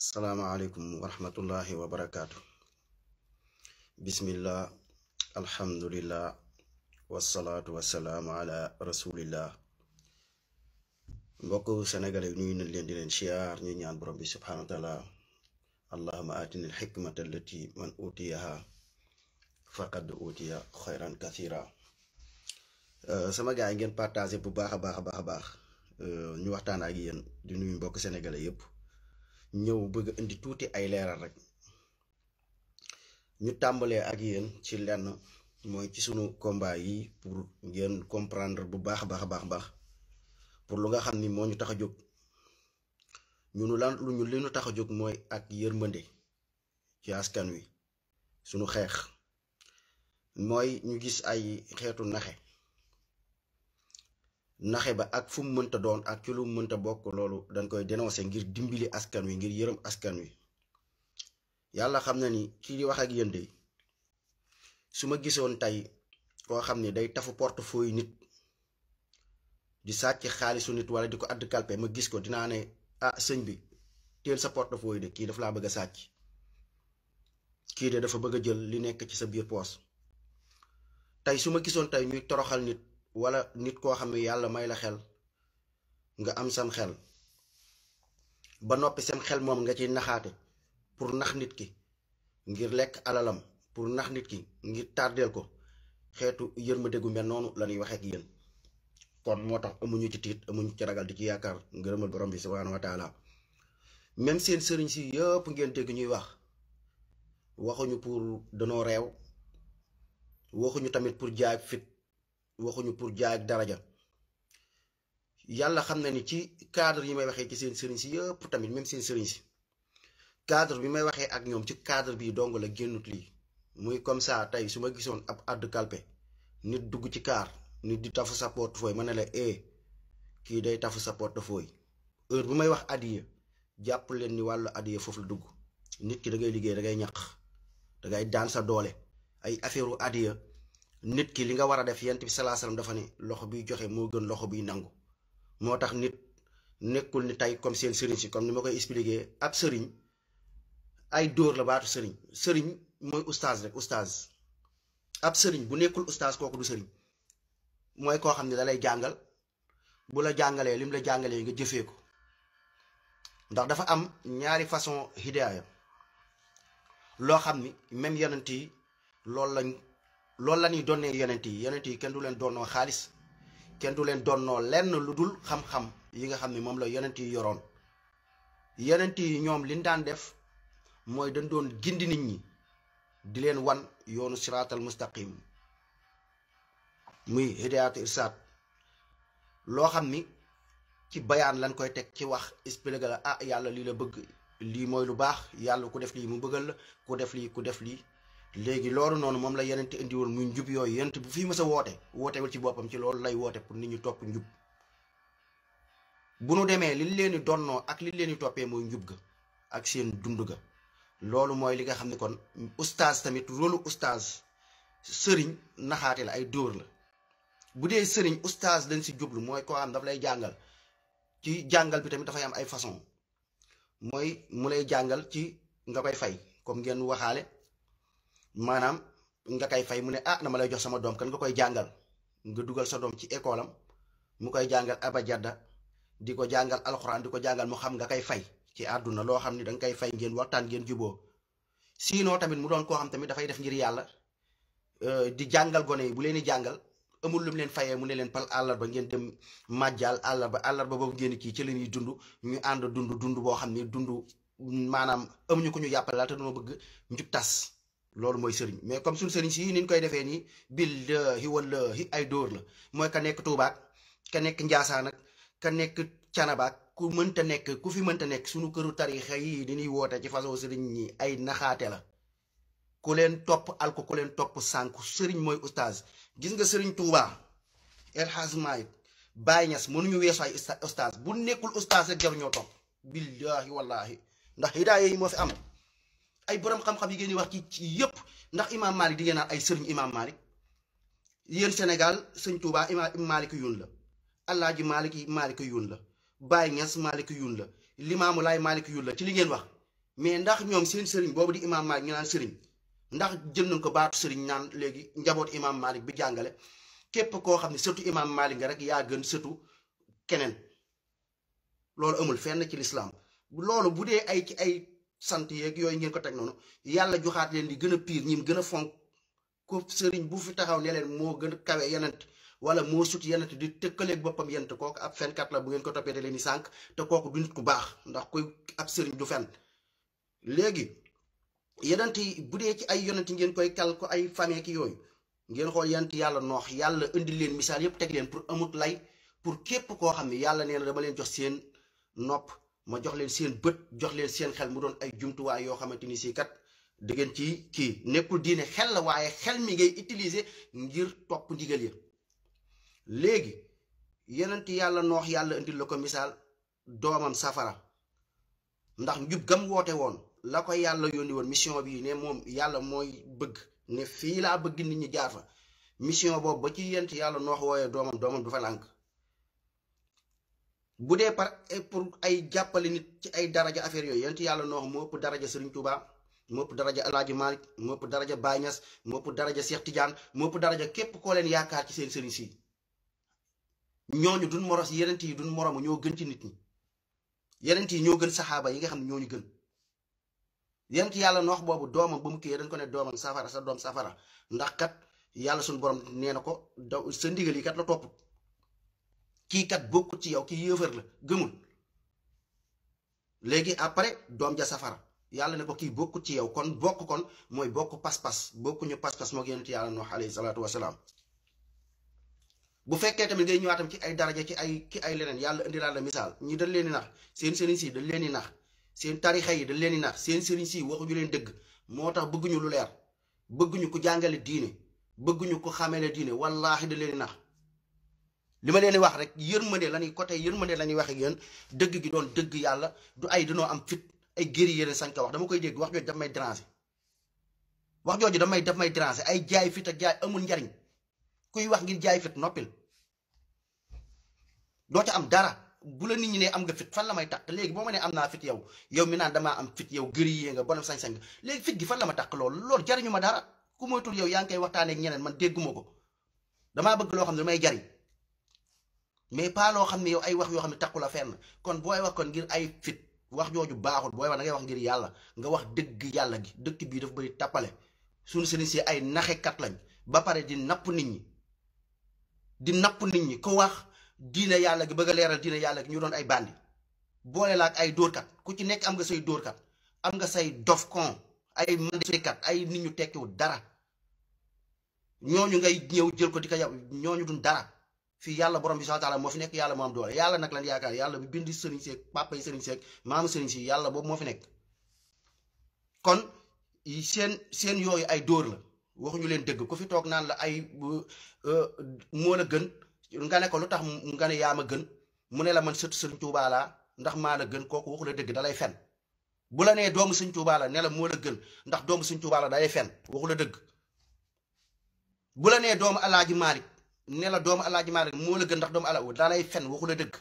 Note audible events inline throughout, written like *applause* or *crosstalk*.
salaamaaleykum wa rahmatullahi wa barakaatu. bismillah alhamdulillah wasalaatu wasalaamu ala rasulillah. mbokk sénégalais nuyu di leen siyaar ñu ñaan borom bi subhaanahu wa taala allahuma aatini alxikmata allati man utiyaha faqad utiya xayran kathira euh, sama gars yi ngeen partagé bu baax a baax a baax a euh, ñu waxtaan ak yéen di nuyu mbokk sénégalais yépp ñëw bëgg indi tuuti ay leeral rek ñu tàmbalee ak yéen ci lenn mooy ci sunu combat yi pour ngeen comprendre bu baax baax baax baax pour lu nga xam ni moo ñu tax a jóg ñunu la lu ñu li ñu tax a jóg mooy ak yërmande ci askan wi sunu xeex mooy ñu gis ay xeetu naxe naxe ba ak fu mu mënta doon ak ci lu mu mënta bokk loolu dañ koy dénoncer ngir dimbali askan wi ngir yërëm askan wi yàlla xam na ni kii di wax ak yéen su ma gisoon tey koo xam ni day tafu portefeuille nit di sàcc xaalisu nit wala di ko àdd ma gis ko dinaa ne ah sëñ bi teel sa portefeuille de kii daf laa bëgg a sàcc kii de dafa bëgg jël li nekk ci sa biir poos su ma gisoon tey ñuy toroxal nit wala nit ko xamni yalla may la xel nga am sam xel ba nopi sam xel mom nga ci naxate pour nax nit ki ngir lek alalam pour nax nit ki ngir tardel ko xetu yeurma degu mel nonu lañuy waxe ak yeen kon motax amuñu ci tit amuñu ci ragal di ci yakar ngërëmal borom bi subhanahu wa taala même seen serigne si yëpp ngeen deg ñuy wax waxuñu pour danoo rew waxuñu tamit pour jaay fit waxuñu pour jaay ak daraja yàlla xam na ni ci cadre yi may waxee ci seen sëriñ si yëpp tamit même seen sëriñ si cadre bi may waxee ak ñoom ci cadre bi dong la génnut lii muy comme ça tey su ma gisoon ab àdd kalpe nit dugg ci kaar nit di tafu sa portefeuille ma ne la eh kii day tafu sa portefeuille heure bu may wax adiya jàpp leen ni wàllu adiya foofu la dugg nit ki da ngay liggéey da ngay ñaq da ngay daan sa doole ay affaireu adiya nit ki li nga war a def yent bi salaa salaam dafa ne loxo biy joxe moo gën loxo biy nangu moo tax nit nekkul ni tey comme seen sëriñ si comme ni ma koy expliquer ab sëriñ ay dóor la baatu sëriñ sëriñ mooy oustaz rek oustaz ab sëriñ bu nekkul oustaz kooku du sëriñ mooy koo xam ne da lay jàngal bu la jàngalee lim la jàngalee nga jëfee ko ndax dafa am ñaari façon hidaaya loo xam ni même yonent yi loolu lañ loolu la ñuy donnee yonent yi yenent yi kenn du leen doonnoo xaalis kenn du leen doonnoo lenn lu dul xam-xam yi nga xam ne moom la yonent yi yoroon yenent yi ñoom liñ daan def mooy dañ doon gindi nit ñi di leen wan yoonu siraatal mustaqim muy hidaayatu irsaad loo xam ni ci bayaan lañ koy teg ci wax expliqué ah yàlla lii la bëgg lii mooy lu baax yàlla ku def lii mu bëggal la ku def lii ku def lii léegi loolu noonu moom la yenente indi woon muy njub yooyu yenente bu fii mas a woote wootewal ci boppam ci loolu lay woote pour nit ñu topp njub bu nu demee li leen i donnoo ak li leen i toppee mooy njub ga ak seen dund ga loolu mooy li nga xam ne kon oustage tamit rôle oustage sëriñ naxaate la ay dóor la bu dee sëriñ oustage dañ si jublu mooy koo xam daf lay jàngal ci jàngal bi tamit dafay am ay façon mooy mu lay jàngal ci nga koy fay comme ngeen waxaale manam nga kay fay mu ne ah ma lay jox sama dom kan nga koy jangal nga duggal sa dom ci ecolam mu koy jangal aba di ko janggal, alxuraan di ko janggal, mu xam nga kay fay ci aduna lo xamni ni kay fay ngeen waxtan ngeen jubo sino tamit mu don ko xam tamit fay def ngir euh di jangal gone bu leni jangal amul lum len fayé mu ne len pal ba ngeen dem ba allah ba bobu ngeen kii ci leni dundu dundu ñu and dundu dundu bo xamni ni manam amuñu ko ñu la te dama bëgg njub tas loolu mooy sëriñ mais comme suñu sëriñ si ni ñu koy defee nii billahi wallahi ay dóor la mooy ka nekk Tuuba ka nekk Njaasaan ka nekk Canaba ak ku mënta nekk ku fi mënta nekk suñu këru tarixa yi dañuy woote ci façon sëriñ ñi ay naxaate la ku leen topp alko ku leen topp sànku sëriñ mooy oustaz gis nga sëriñ Tuuba El Hadj Malick Baye Niass mënuñu weesu ay oustaz bu nekkul oustaz rek jar ñoo topp billahi wallahi ndax hidaaya yi moo fi am ay borom xam-xam yi ngeen di wax ci yëpp ndax imaam Malick di ngeen naan ay sëriñ imaam Malick yéen senegal sëñ Touba imaam Malick yuun la El Hadj Malick Malick yuun la bàyyi Niass Malick yuun la Limaamu Laay Malick yuun la ci li ngeen wax mais ndax ñoom seen sëriñ boobu di imaam Malick ñu naan sëriñ ndax jël nañ ko baatu sëriñ naan léegi njaboot imaam Malick bi jàngale képp koo xam ne surtout imaam Malick nga rek yaa gën surtout keneen loolu amul fenn ci lislaam loolu bu dee ay ay. sant yeeg yooyu ngeen ko teg noonu yàlla joxaat leen li gën a piir ñim gën a fonk ko sëriñ bu fi taxaw ne moo gën a kawe yenent wala moo sut yenent di tëkkaleeg boppam yent kooku ab fenkat la bu ngeen ko toppee da leen sànq te kooku du nit ku baax ndax koy ab sëriñ du fen léegi yenent yi bu dee ci ay yonent ngeen koy kal ko ay famille ki yooyu ngeen xool yent yàlla noox yàlla indi leen misaal yëpp teg leen pour amut lay pour képp koo xam ne yàlla nee na dama leen jox seen nopp ma jox leen seen bët jox leen seen xel mu doon ay jumtuwaay yoo xamante ni si kat da ngeen ci kii nekkul diine xel la waaye xel mi ngay utilise ngir topp ndigal yi léegi yenent yàlla noox yàlla indil la ko misaal doomam safara ndax njub gam woote woon la ko yàlla yónni woon mission bi ne moom yàlla mooy bëgg ne fii laa bëgg nit ñi jaar fa mission boobu ba ci yent yàlla noox wooyee doomam doomam du fa budé par eh, pour ay jappalé nit ci ay daraja affaire yoy yent yalla no mo ëpp daraja Serigne Touba mo ëpp daraja aladji malik mo ëpp daraja Baye mo moo daraja Cheikh Tidiane mo ëpp daraja kep ko len yakkar ci sen serigne si ñoñu duñ moros yent yi duñ moromu ñoo gën ci nit ñi yent yi ñoo gën sahaba yi nga xam ne ñooñu gën yenent yàlla noox boobu doomam bu mu kii dañ ko ne doomam safara sa doom safara ndax kat yalla sun borom nee sa ndigal yi kat la topp kii kat bokkut ci yow kii yéefar la gëmul léegi après doom ja safara yàlla ne ko kii bokkut ci yow kon bokk kon mooy bokk pas-pas bokkuñu pas-pas moo yonent yàlla Nuux alayhi salaatu wasalaam bu fekkee tamit ngay ñëwaatam ci ay daraja ci ay ci ay leneen yàlla indi laa la misaal ñi dañ leen di nax seen sëriñ si dañ leen di nax seen tarixa yi dañ leen di nax seen sëriñ si waxuñu leen dëgg moo tax bëgguñu lu leer bëgguñu ko jàngale diine bëgguñu ko xamele diine wallaahi dañ leen nax li ma leen wax rek de la ñuy côté yërmande la ñuy wax ak yéen dëgg gi doon dëgg yàlla du ay danoo am fit ay géri yéen sañ ko wax dama koy dégg wax jooju daf may déranger wax jooju damay daf may déranger ay jaay fit ak jaay amul njariñ kuy wax ngir jaay fit noppil doo ca am dara bu la nit ñi ne am nga fit fan la may takk léegi boo ma ne am naa fit yow yow mi naan damaa am fit yow gëri yée nga sañ-sañ nga léegi fit gi fan la ma takk loolu loolu jariñu ma dara ku moytul yow yaa ngi waxtaanee ak man dégguma ko damaa bëgg loo xam ne may jariñ mais pas loo xam ne yow ay wax yoo xam ne takku la fenn kon booy wax kon ngir ay fit wax jooju baaxul booy wax da ngay wax ngir yàlla nga wax dëgg yàlla gi dëkk bii daf bëri tàppale suñu sëriñ ay naxekat lañ ba pare di napp nit ñi di napp nit ñi ko wax diine yàlla gi bëgg leeral diine yàlla gi ñu doon ay bandi boole la ak ay dóorkat ku ci nekk am nga say dóorkat am nga say dof kon ay mandikat ay nit ñu tekkiwul dara ñooñu ngay ñëw jël ko di ko yow ñooñu duñ dara fii yàlla borom bi subhaanahu wa moo fi nekk yàlla moo am doole yàlla nag lan yaakaar yàlla bi bind sëriñ seeg papa yi sëriñ seek maamu sëriñ si yàlla boobu moo fi nekk kon seen seen yooyu ay dóor la waxuñu leen dëgg ku fi toog naan la ay euh, moo la gën nga ne lu tax nga ne yaa ma gën mu ne la man sëtu sëriñ Tuubaa laa ndax maa gën kooku waxu la dëgg dalay fen bu la nee doomu sëriñ Tuubaa la ne la moo la ndax doomu sëriñ Tuubaa fen waxula la dëgg bu la nee doomu Alaaji Maalik ne la allah ji malik mo la gën ndax allah wu da lay fenn waxu la deug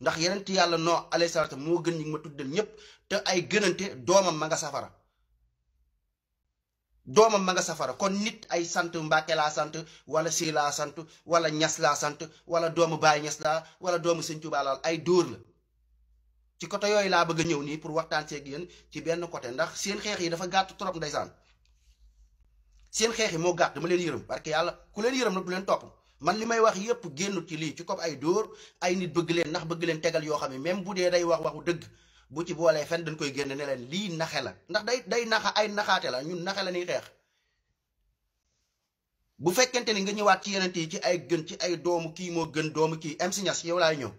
ndax yeneen ti yàlla noo alayhi salatu mo gën ñi ma tuddal ñep te ay gënante doomam ma nga safara doomam ma nga safara kon nit ay sante mbake la sante wala si la sante wala ñas la sante wala doomu baay ñas la wala doomu sëñ Tuubaa laal ay door la ci côté yoy la bëgg ñew ni pour waxtaan ak yeen ci benn côté ndax seen xex yi dafa gatt trop ndaysan seen xex yi mo gatt dama leen barke yalla ku leen nak du leen top man li may wax yépp génnut ci lii ci comme ay dóor ay nit bëgg leen ndax bëgg leen tegal yoo xam ne même bu dee day wax waxu dëgg bu ci boolee fen dañ koy génn ne leen lii naxe la ndax day day naxa ay naxaate la ñun naxe la ñuy xeex bu fekkente ni nga ñëwaat ci yeneen yi ci ay gën ci ay doomu kii moo gën doomu kii MC Niass yow laay ñëw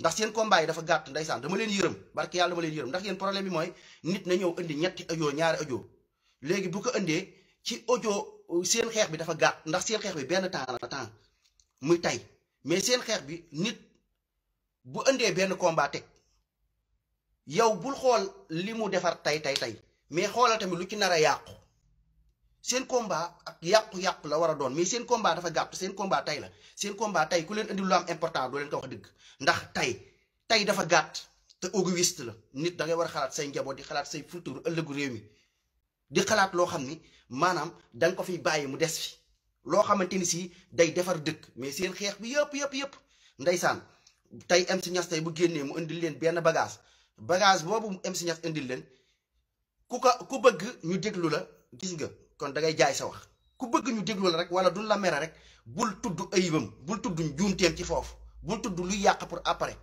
ndax seen combat yi dafa gàtt saan dama leen yërëm barke yàlla dama leen yërëm ndax yéen problème bi mooy nit na ñëw indi ñetti audio ñaari audio léegi bu ko indee ci audio seen xeex bi dafa gàtt ndax seen xeex bi benn temps la temps muy tey mais seen xeex bi nit bu indee benn combat teg yow bul xool li mu defar tey tey tey mais xoolal tamit lu ci nar a yàqu seen combat ak yàqu-yàqu la war a doon mais seen combat dafa gàtt seen combat tey la seen combat tey ku leen indi lu important doo leen ko wax dëgg ndax tey tey dafa gàtt te égoïste la nit da ngay war a xalaat say njaboot di xalaat say futur ëllëgu réew mi di xalaat loo xam ni. maanaam da ko fiy bàyyi mu des fi loo xamante ni si day defar dëkk mais seen xeex bi yëpp yëpp yëpp ndeysaan tey MC Niass tey bu génnee mu indil leen benn bagage bagage boobu MC Niass indil leen ku ko ku bëgg ñu déglu la gis nga kon da ngay jaay sa wax ku bëgg ñu déglu la rek wala duñ la mere rek bul tudd ayibam bul tudd njuumteem ci foofu bul tudd luy yàq pour après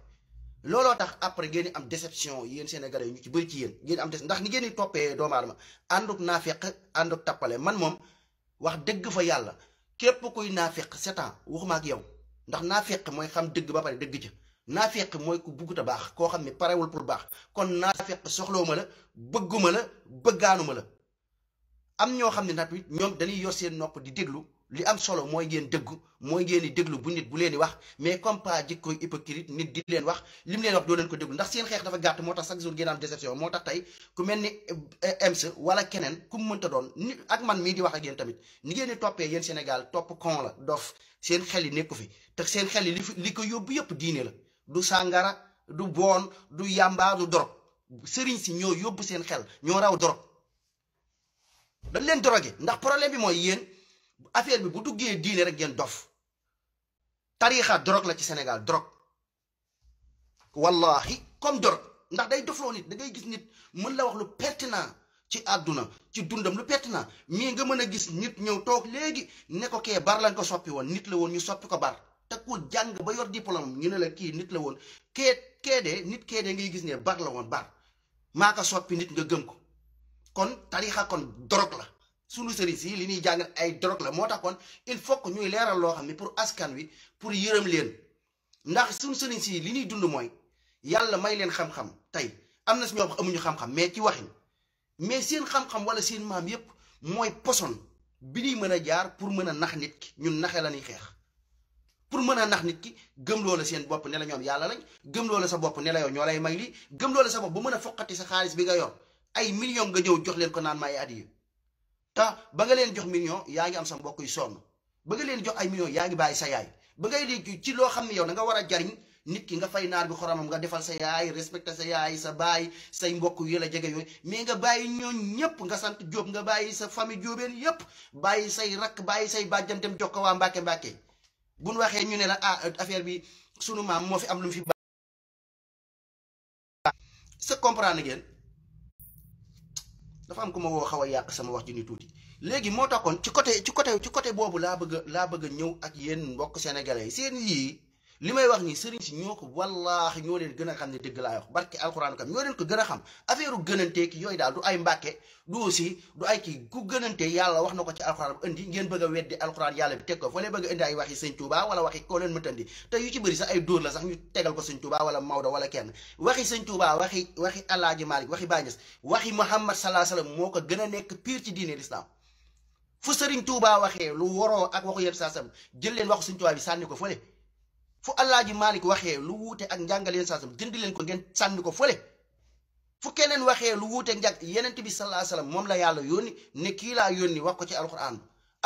looloo tax après ngeen am déception yéen sénégalais yi ñu ci bëri ci yéen ngeen am des ndax ni ngeen di toppee doomu aadama ànduk naafeq ànduk tappale man moom wax dëgg fa yàlla képp kuy naafeq setan waxuma ak yow ndax naafeq mooy xam dëgg ba pare dëgg ca naafeq mooy ku buggut a baax koo xam ne parewul pour baax kon naafeq soxlooma la bëgguma la bëggaanuma la am ñoo xam ne nag ñoom dañuy yor seen nopp di déglu li am solo mooy ngeen dëggu mooy ngeen di déglu bu nit bu leen di wax mais comme pas jikko hypocrite nit di leen wax li mu leen wax doo leen ko déglu ndax seen xeex dafa gàtt moo tax chaque jour ngeen am déception moo tax tey ku mel ni eh, MC wala keneen ku mu mënta doon ni ak man mii di wax ak yéen tamit ni ngeen di toppee yéen Sénégal topp kon la dof seen xel yi nekku fi te seen xel yi li li ko yóbbu yëpp diine la du sàngara du boon du yàmbaa du dorog sëriñ si ñoo yóbbu seen xel ñoo raw dorog dañ leen dorogee ndax affaire bi bu duggee diine rek ngeen dof tariixa drogue la ci Sénégal drogue wallahi comme drogue ndax day dofloo nit dangay gis nit mën la wax lu pertinent ci àdduna ci dundam lu pertinent mais nga mën a gis nit ñëw toog léegi ne ko kee bar lañ ko soppi woon nit la woon ñu soppi ko bar te ku jàng ba yor diplôme ñu ne la kii nit la woon kee kee de nit kee de ngay gis ne bar la woon bar maa ko soppi nit nga gëm ko kon tariixa kon drogue la sunu sëriñ si li ñuy jàngal ay drogue la moo tax kon il faut que ñuy leeral loo xam ne pour askan wi pour yërëm leen ndax sunu sëriñ si li ñuy dund mooy yàlla may leen xam-xam tey am na si ñoo amuñu xam-xam mais ci waxin mais seen xam-xam wala seen maam yépp mooy poson bi ñuy mën a jaar pour mën a nax nit ki ñun naxe la ñuy xeex pour mën a nax nit ki gëm loola seen bopp ne la ñoom yàlla lañ gëm loola sa bopp ne la yow ñoo lay may lii gëm loola sa bopp ba mën a foqati sa xaalis bi nga yor ay million nga ñëw jox leen ko naan may adiya temps ba nga leen jox million yaa ngi am sa mbokk yu sonn ba nga leen jox ay millions yaa ngi bàyyi sa yaay ba ngay léegi ci loo xam ne yow da nga war a jariñ nit ki nga fay naar bi xoromam nga defal sa yaay respecté sa yaay sa baay say mbokk yi la jege mais nga bàyyi ñooñ ñëpp nga sant Jóob nga bàyyi sa famille jóobeen yëpp bàyyi say rakk bàyyi say bàjjan dem jox ko waa Mbàkke Mbàkke bu nu waxee ñu ne la ah affaire bi sunu maam moo fi am lu mu fi. sa comprendre ngeen. dafa am ku ma woo xaw a yàq sama wax ji ni tuuti léegi moo tax kon ci côté ci côté ci côté boobu laa bëgg laa bëgg a ñëw ak yéen mbokk sénégalais seen yii li may wax nii sëriñ si ñoo ko wallaahi ñoo leen gën a xam ne dëgg laa wax barke alxuraan kam ñoo leen ko gën a xam affaire u gënante ki yooyu daal du ay mbàkke du aussi du ay kii ku gënante yàlla wax na ko ci alxuraan bu indi ngeen bëgg a weddi alxuraan yàlla bi teg ko fa leen bëgg a indi ay waxi sëñ Tuuba wala waxi koo leen mëtandi te yu ci bëri sax ay dóor la sax ñu tegal ko sëñ Tuuba wala Maodo wala kenn waxi sëñ Tuuba waxi waxi Alaaji Maalik waxi Bañes waxi Muhammad salaa salaam moo ko gën a nekk pire ci diine l'islam fu sëriñ Tuuba waxee lu waroo ak waxu yëpp saa sam jël leen waxu sëñ bi sànni ko fële fu Alaaji Malik waxee lu wuute ak njàngaleen saasam dindi leen ko ngeen sànni ko fële fu keneen waxee lu wuute ak yeneen tibi bi sallallahu alayhi moom la yàlla yónni ne kii laa yónni wax ko ci alquran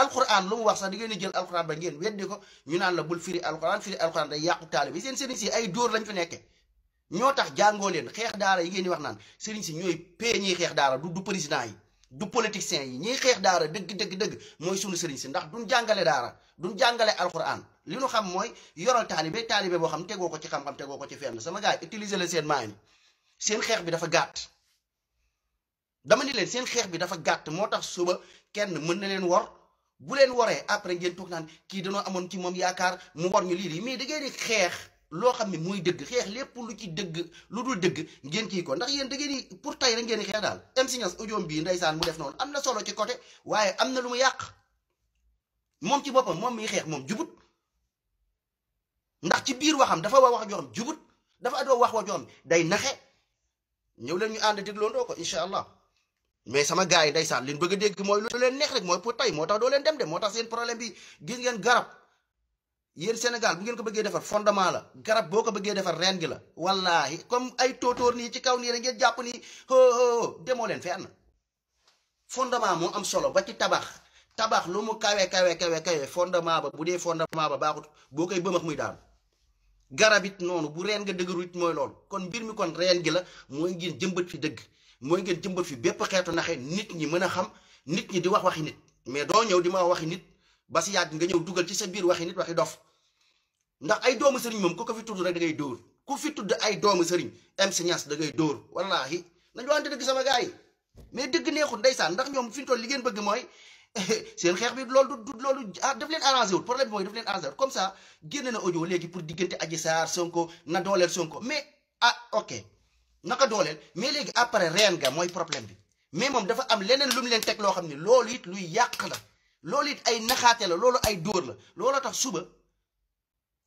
alquran lu mu wax sax di ngeen di jël alquran ba ngeen weddi ko ñu naan la bul firi alquran firi alquran day yàqu taalibe seen sëriñ si ay dóor lañ fi nekke ñoo tax jàngoo leen xeex daara yi ngeen di wax naan sëriñ si ñooy pee ñiy xeex daara du du yi du yi ñiy xeex daara dëgg dëgg dëgg mooy sunu sëriñ si ndax duñ jàngale daara duñ jàngale alquran li nu xam mooy yoral taalibe taalibe boo xam tegoo ko ci xam-xam tegoo ko ci fenn sama gars yi utiliser leen seen maani seen xeex bi dafa gàtt dama ni leen seen xeex bi dafa gàtt moo tax suba kenn mën na leen wor bu leen waree après ngeen toog naan kii danoo amoon ci moom yaakaar mu war ñu lii lii mais da ngeen di xeex loo xam ne mooy dëgg xeex lépp lu ci dëgg lu dul dëgg ngeen kii ko ndax yéen da ngeen di pour tey rek ngeen di xeex daal MCNass audiom bii ndeysaan mu def noonu am na solo ci côté waaye am na lu mu yàq moom ci boppam moom miy xeex moom jubut ndax ci biir waxam dafa wax wax joo xam jubut dafa adoo wax wax joo day naxe ñëw leen ñu ànd dégloondoo ko incha allah mais sama gars yi ndeysaan li leen bëgg a dégg mooy lu leen neex rek mooy pour tey moo tax doo leen dem de moo tax seen problème bi gis ngeen garab yéen Sénégal bu ngeen ko bëggee defar fondement la garab boo ko bëggee defar reen gi la wallahi comme ay tóotóor nii ci kaw nii rek ngeen jàpp nii hoo demoo leen fenn fondement moo am solo ba ci tabax tabax lu mu kawe kawe kawe kawe fondement ba bu dee fondement ba baaxut boo koy bëmax muy daanu garab it noonu bu reen nga dëgëru it mooy loolu kon mbir mi kon reen gi la mooy ngeen jëmbat fi dëgg mooy ngeen jëmbat fi bépp xeetu naxe nit ñi mën a xam nit ñi di wax waxi nit mais doo ñëw di ma waxi nit ba si yàgg nga ñëw dugal ci sa biir waxi nit waxi dof ndax ay doomu sëriñ moom ku ko fi tudd rek da ngay dóor ku fi tudd ay doomu sëriñ M Seniass da ngay dóor wallaahi nañu wante dëgg sama gars yi mais dëgg neexul ndeysaan ndax ñoom fi ñu toll li ngeen bëgg mooy *laughs* seen xeex bi loolu du loolu ah daf leen arrangé wul problème mooy daf leen arrangé wul comme ça génne na audio léegi pour diggante Adji saar Sonko na dooleel Sonko mais a ah ok naka dooleel mais léegi après reen nga mooy problème bi mais moom dafa am leneen lu mu leen teg loo xam ne loolu it luy yàq la loolu it ay naxaate la loolu ay dóor la looloo tax suba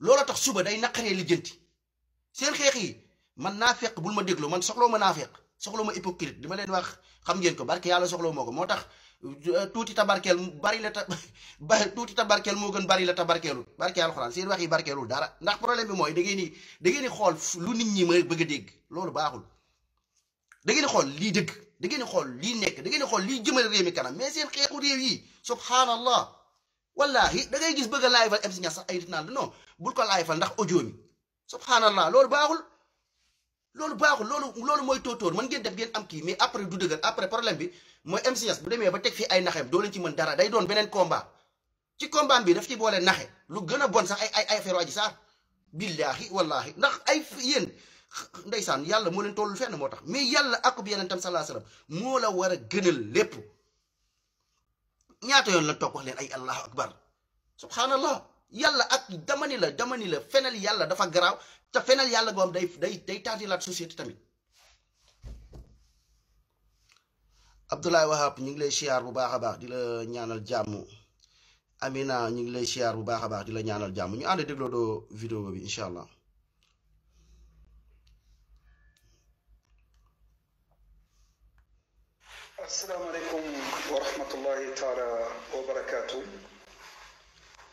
looloo tax suba day naqaree lijjanti seen xeex yi man naa fekk bul ma déglu man soxloo ma naa fekk soxloo ma hypocrite li ma leen wax xam ngeen ko barke yàlla soxloo moo moo tax. Eh, tuuti tabarkeel bari la ta *laughs* tuuti tabarkeel moo gën bari la tabarkeelul barke alxuraan seen wax yi barkeelul dara ndax problème bi mooy da ngeen ngeen di xool lu nit ñi ma bëgg a dégg loolu baaxul da xool lii dëgg da ngeen xool lii nekk da ngeen xool lii jëmal réew mi kanam mais seen xeexu réew yi subhanallah wallahi da ngay gis bëgg a laayfal MC Niass sax ay nit naan non bul ko laayfal ndax audio mi subhanallah loolu baaxul loolu baaxul loolu loolu mooy tóotóor mën ngeen def ngeen am kii mais après du dëggal après problème bi mooy MCS bu demee ba teg fi ay naxeem doo leen ci mën dara day doon beneen combat ci combat bi daf ci boole naxe lu gën a bon sax ay ay ay affaire Adji Sarr billaahi wallaahi ndax ay yéen ndeysaan yàlla moo leen tollul fenn moo tax mais yàlla akub yeneen tam salaa salaam moo la war a gënal lépp yoon la toog leen ay allahu akbar subhanallah yàlla ak dama ni la dama ni la fenal yàlla dafa garaaw te fenal yàlla goom day day day taatilaat société tamit. Abdoulaye Wahab ñu ngi lay siyaar bu baaxa baax di la ñaanal jàmm Amina ñu ngi lay siyaar bu baaxa baax di la ñaanal jàmm ñu andi deglo do vidéo bi inshallah allah alaykum wa rahmatullahi taala wa barakatuh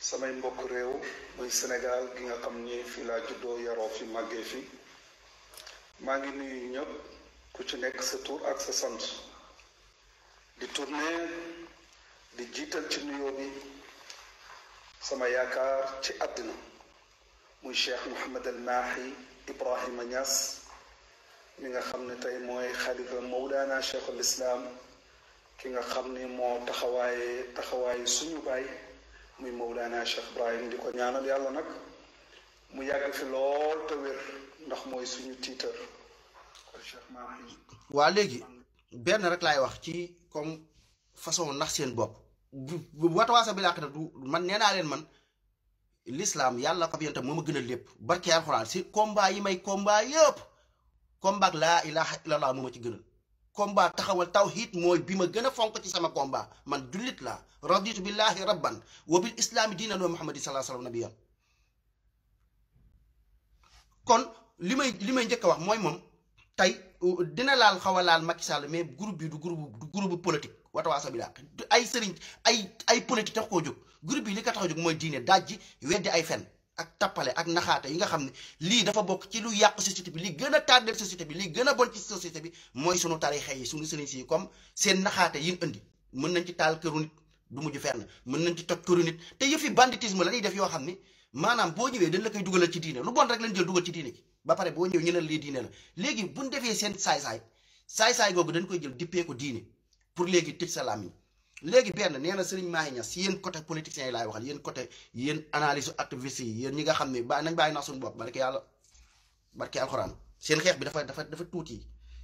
samay mbok rew moy senegal gi nga xam ni fi la juddoo yaro fi magge fi maa ngi nuyu ñop ku ci nek sa tour ak sa sante di tourner di jiital ci nuyoo bi sama yaakaar ci àddina muy cheikh Mouhamed El Mahi Ibrahima Niass mi nga xam ne tey mooy xalifa Mawlana cheikhul islam ki nga xam ni moo taxawaaye taxawaaye suñu baay muy Mawlana Cheikh Ibrahim di ko ñaanal yàlla nag mu yàgg fi lool te wér ndax mooy suñu tiitar. waa léegi benn rek laay wax ci. comme façon nax seen bopp bu watawaasa bi làq na du man nee naa leen man l'islam yàlla ko yonent moo ma gën a lépp barke alxuraan si combat yi may combat yëpp combat laa ilaha illallah moo ma ci gënal combat taxawal tawhid mooy bi ma gën a fonk ci sama combat man jullit laa raditu billahi rabban wa bil islaami diinan wa muhammadi salaa salaam nabiyan kon li may li may njëkk a wax mooy moom tey euh, dina laal xaw a laal Macky Sall mais groupe bi du groupe du groupe politique Watawasaw bi laa ay sëriñ ay ay politique tax koo jóg groupe bi li ko tax a jóg mooy diine dajji weddi ay fen ak tappale ak naxaate yi nga xam ne lii dafa bokk ci lu yàq société bi li gën a tardé société bi li gën a bon ci société bi mooy sunu tarixa yi sunu sëriñ si comme seen naxaate yi indi mën nañ ci taal këru nit du mujj fenn mën nañ ci toj këru nit te yëfi banditisme la ñuy def yoo xam ni maanaam boo ñëwee dañ la koy dugalal ci diine lu bon rek lañ jël dugal ci diine ji ba pare boo ñëwee ñu ne lii diine la léegi buñ defee seen saay-saay saay-saay googu dañ koy jël dippee ko diine pour léegi tëj sa làmmiñ léegi benn nee na Serigne Mahi si yéen côté politiciens yi laay waxal yéen côté yéen analyse activiste yi yéen ñi nga xam ne bàyyi nañ bàyyi naa suñu bopp barke yàlla barke alxuraan seen xeex bi dafa dafa dafa tuuti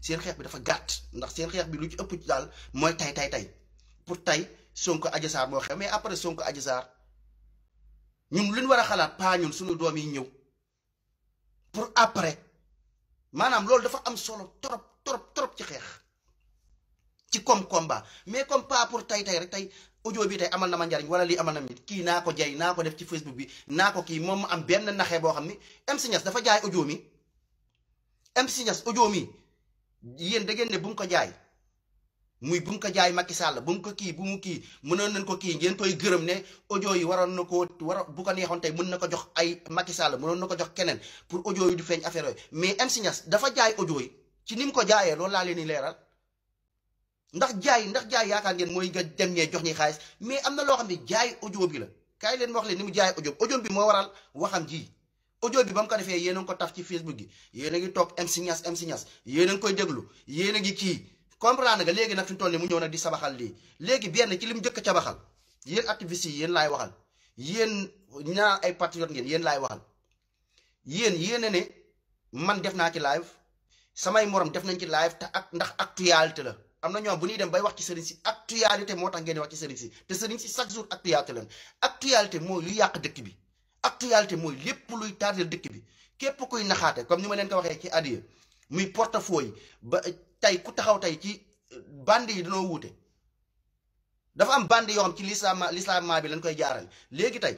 seen xeex bi dafa gàtt ndax seen xeex bi lu ci ëpp ci daal mooy tay tay tay pour tay Sonko Adji Sarr moo xew mais après Sonko Adji Sarr ñun lu ñu war a xalaat paa ñun suñu doom yi ñëw pour après maanaam loolu dafa am solo trop trop trop ci xeex ci comme combat mais comme pas pour tey tey rek tey audio bi tey amal na ma njariñ wala lii amal na ma kii naa ko jay naa ko def ci Facebook bi naa ko kii moom mu am benn naxee boo xam ni MC Niass dafa jaay audio mi MC Niass audio mi yéen da ngeen ne bu mu ko jaay. muy bu mu ko jaay Macky Sall bu mu ko kii bu mu kii mënoon nañ ko kii ngeen koy gërëm ne audio yi waroon na ko war bu ko neexoon tey mën na ko jox ay Macky Sall mënoon na ko jox keneen pour audio yi du feeñ affaire yooyu mais MC Niass jaay audio yi ci ni mu ko jaayee loolu laa leen di leeral ndax jaay ndax jaay yaakaar ngeen mooy nga dem ñee jox ñi xaalis mais am na loo xam ne jaay audio la kaay leen ma wax leen ni mu jaay audio audio bi moo waral waxam ji audio bi ba mu ko defee yéen a ko taf ci Facebook gi yéen a ngi toog MC Niass MC Niass yéen a ngi koy déglu yéen a ngi kii comprendre nga léegi na fi mu toll nii mu ñëw nag di sabaxal lii léegi benn ci lim njëkk a cabaxal yéen activistes yi laay waxal yéen naa ay patriote ngeen yéen laay waxal yéen yéen ne man def naa ci live samay morom def nañ ci live te ak ndax actualité la am na ñoom bu ñuy dem bay wax ci sëriñ si actualité moo tax ngeen di wax ci sëriñ si te sëriñ si chaque jour actualité la actualité mooy lu yàq dëkk bi actualité mooy lépp luy tardé dëkk bi képp kuy naxaate comme ni ma leen ko waxee ci adiya muy portefeuille ba tey ku taxaw tey ci euh, band yi dañoo wuute dafa am bande yoo xam ci lislaama lislaama bi lañ koy jaarale léegi tey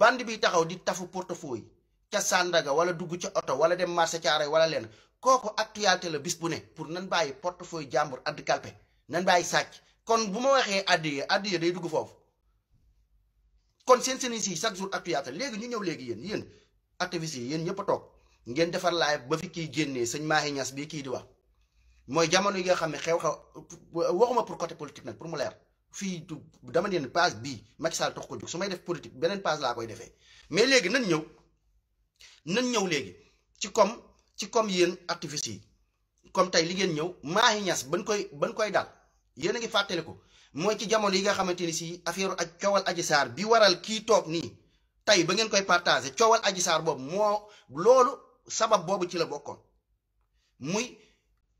bande bi taxaw di tafu portefeuille ca Sandaga wala dugg ca oto wala dem marché caare wala leen kooku actualité la bis bu ne pour nañ bàyyi portefeuille jàmbur add kalpe nan bàyyi sàcc kon bu ma waxee addiye addiye day dugg foofu kon seen seen si chaque jour actualité léegi ñu ñëw léegi yéen yéen activistes yi yéen ñëpp toog ngeen defar live ba fi kii génnee sëñ Mahi Niass bii di wax mooy jamono yi nga xam ne xew-xew waxuma pour côté politique nag pour mu leer fii dama ne page bii Macky Sall tax ko jóg su may def politique beneen page laa koy defee mais léegi nan ñëw nan ñëw léegi ci comme ci comme yéen activistes yi comme tey li ngeen ñëw Mahi Niass ban koy ban koy daal yéen a ngi fàttali ko mooy ci jamono yi nga xamante ni si affaire ak coowal Adji Sarr bi waral kii toog nii tey ba ngeen koy partagé coowal aji saar boobu moo loolu sabab boobu ci la bokkoon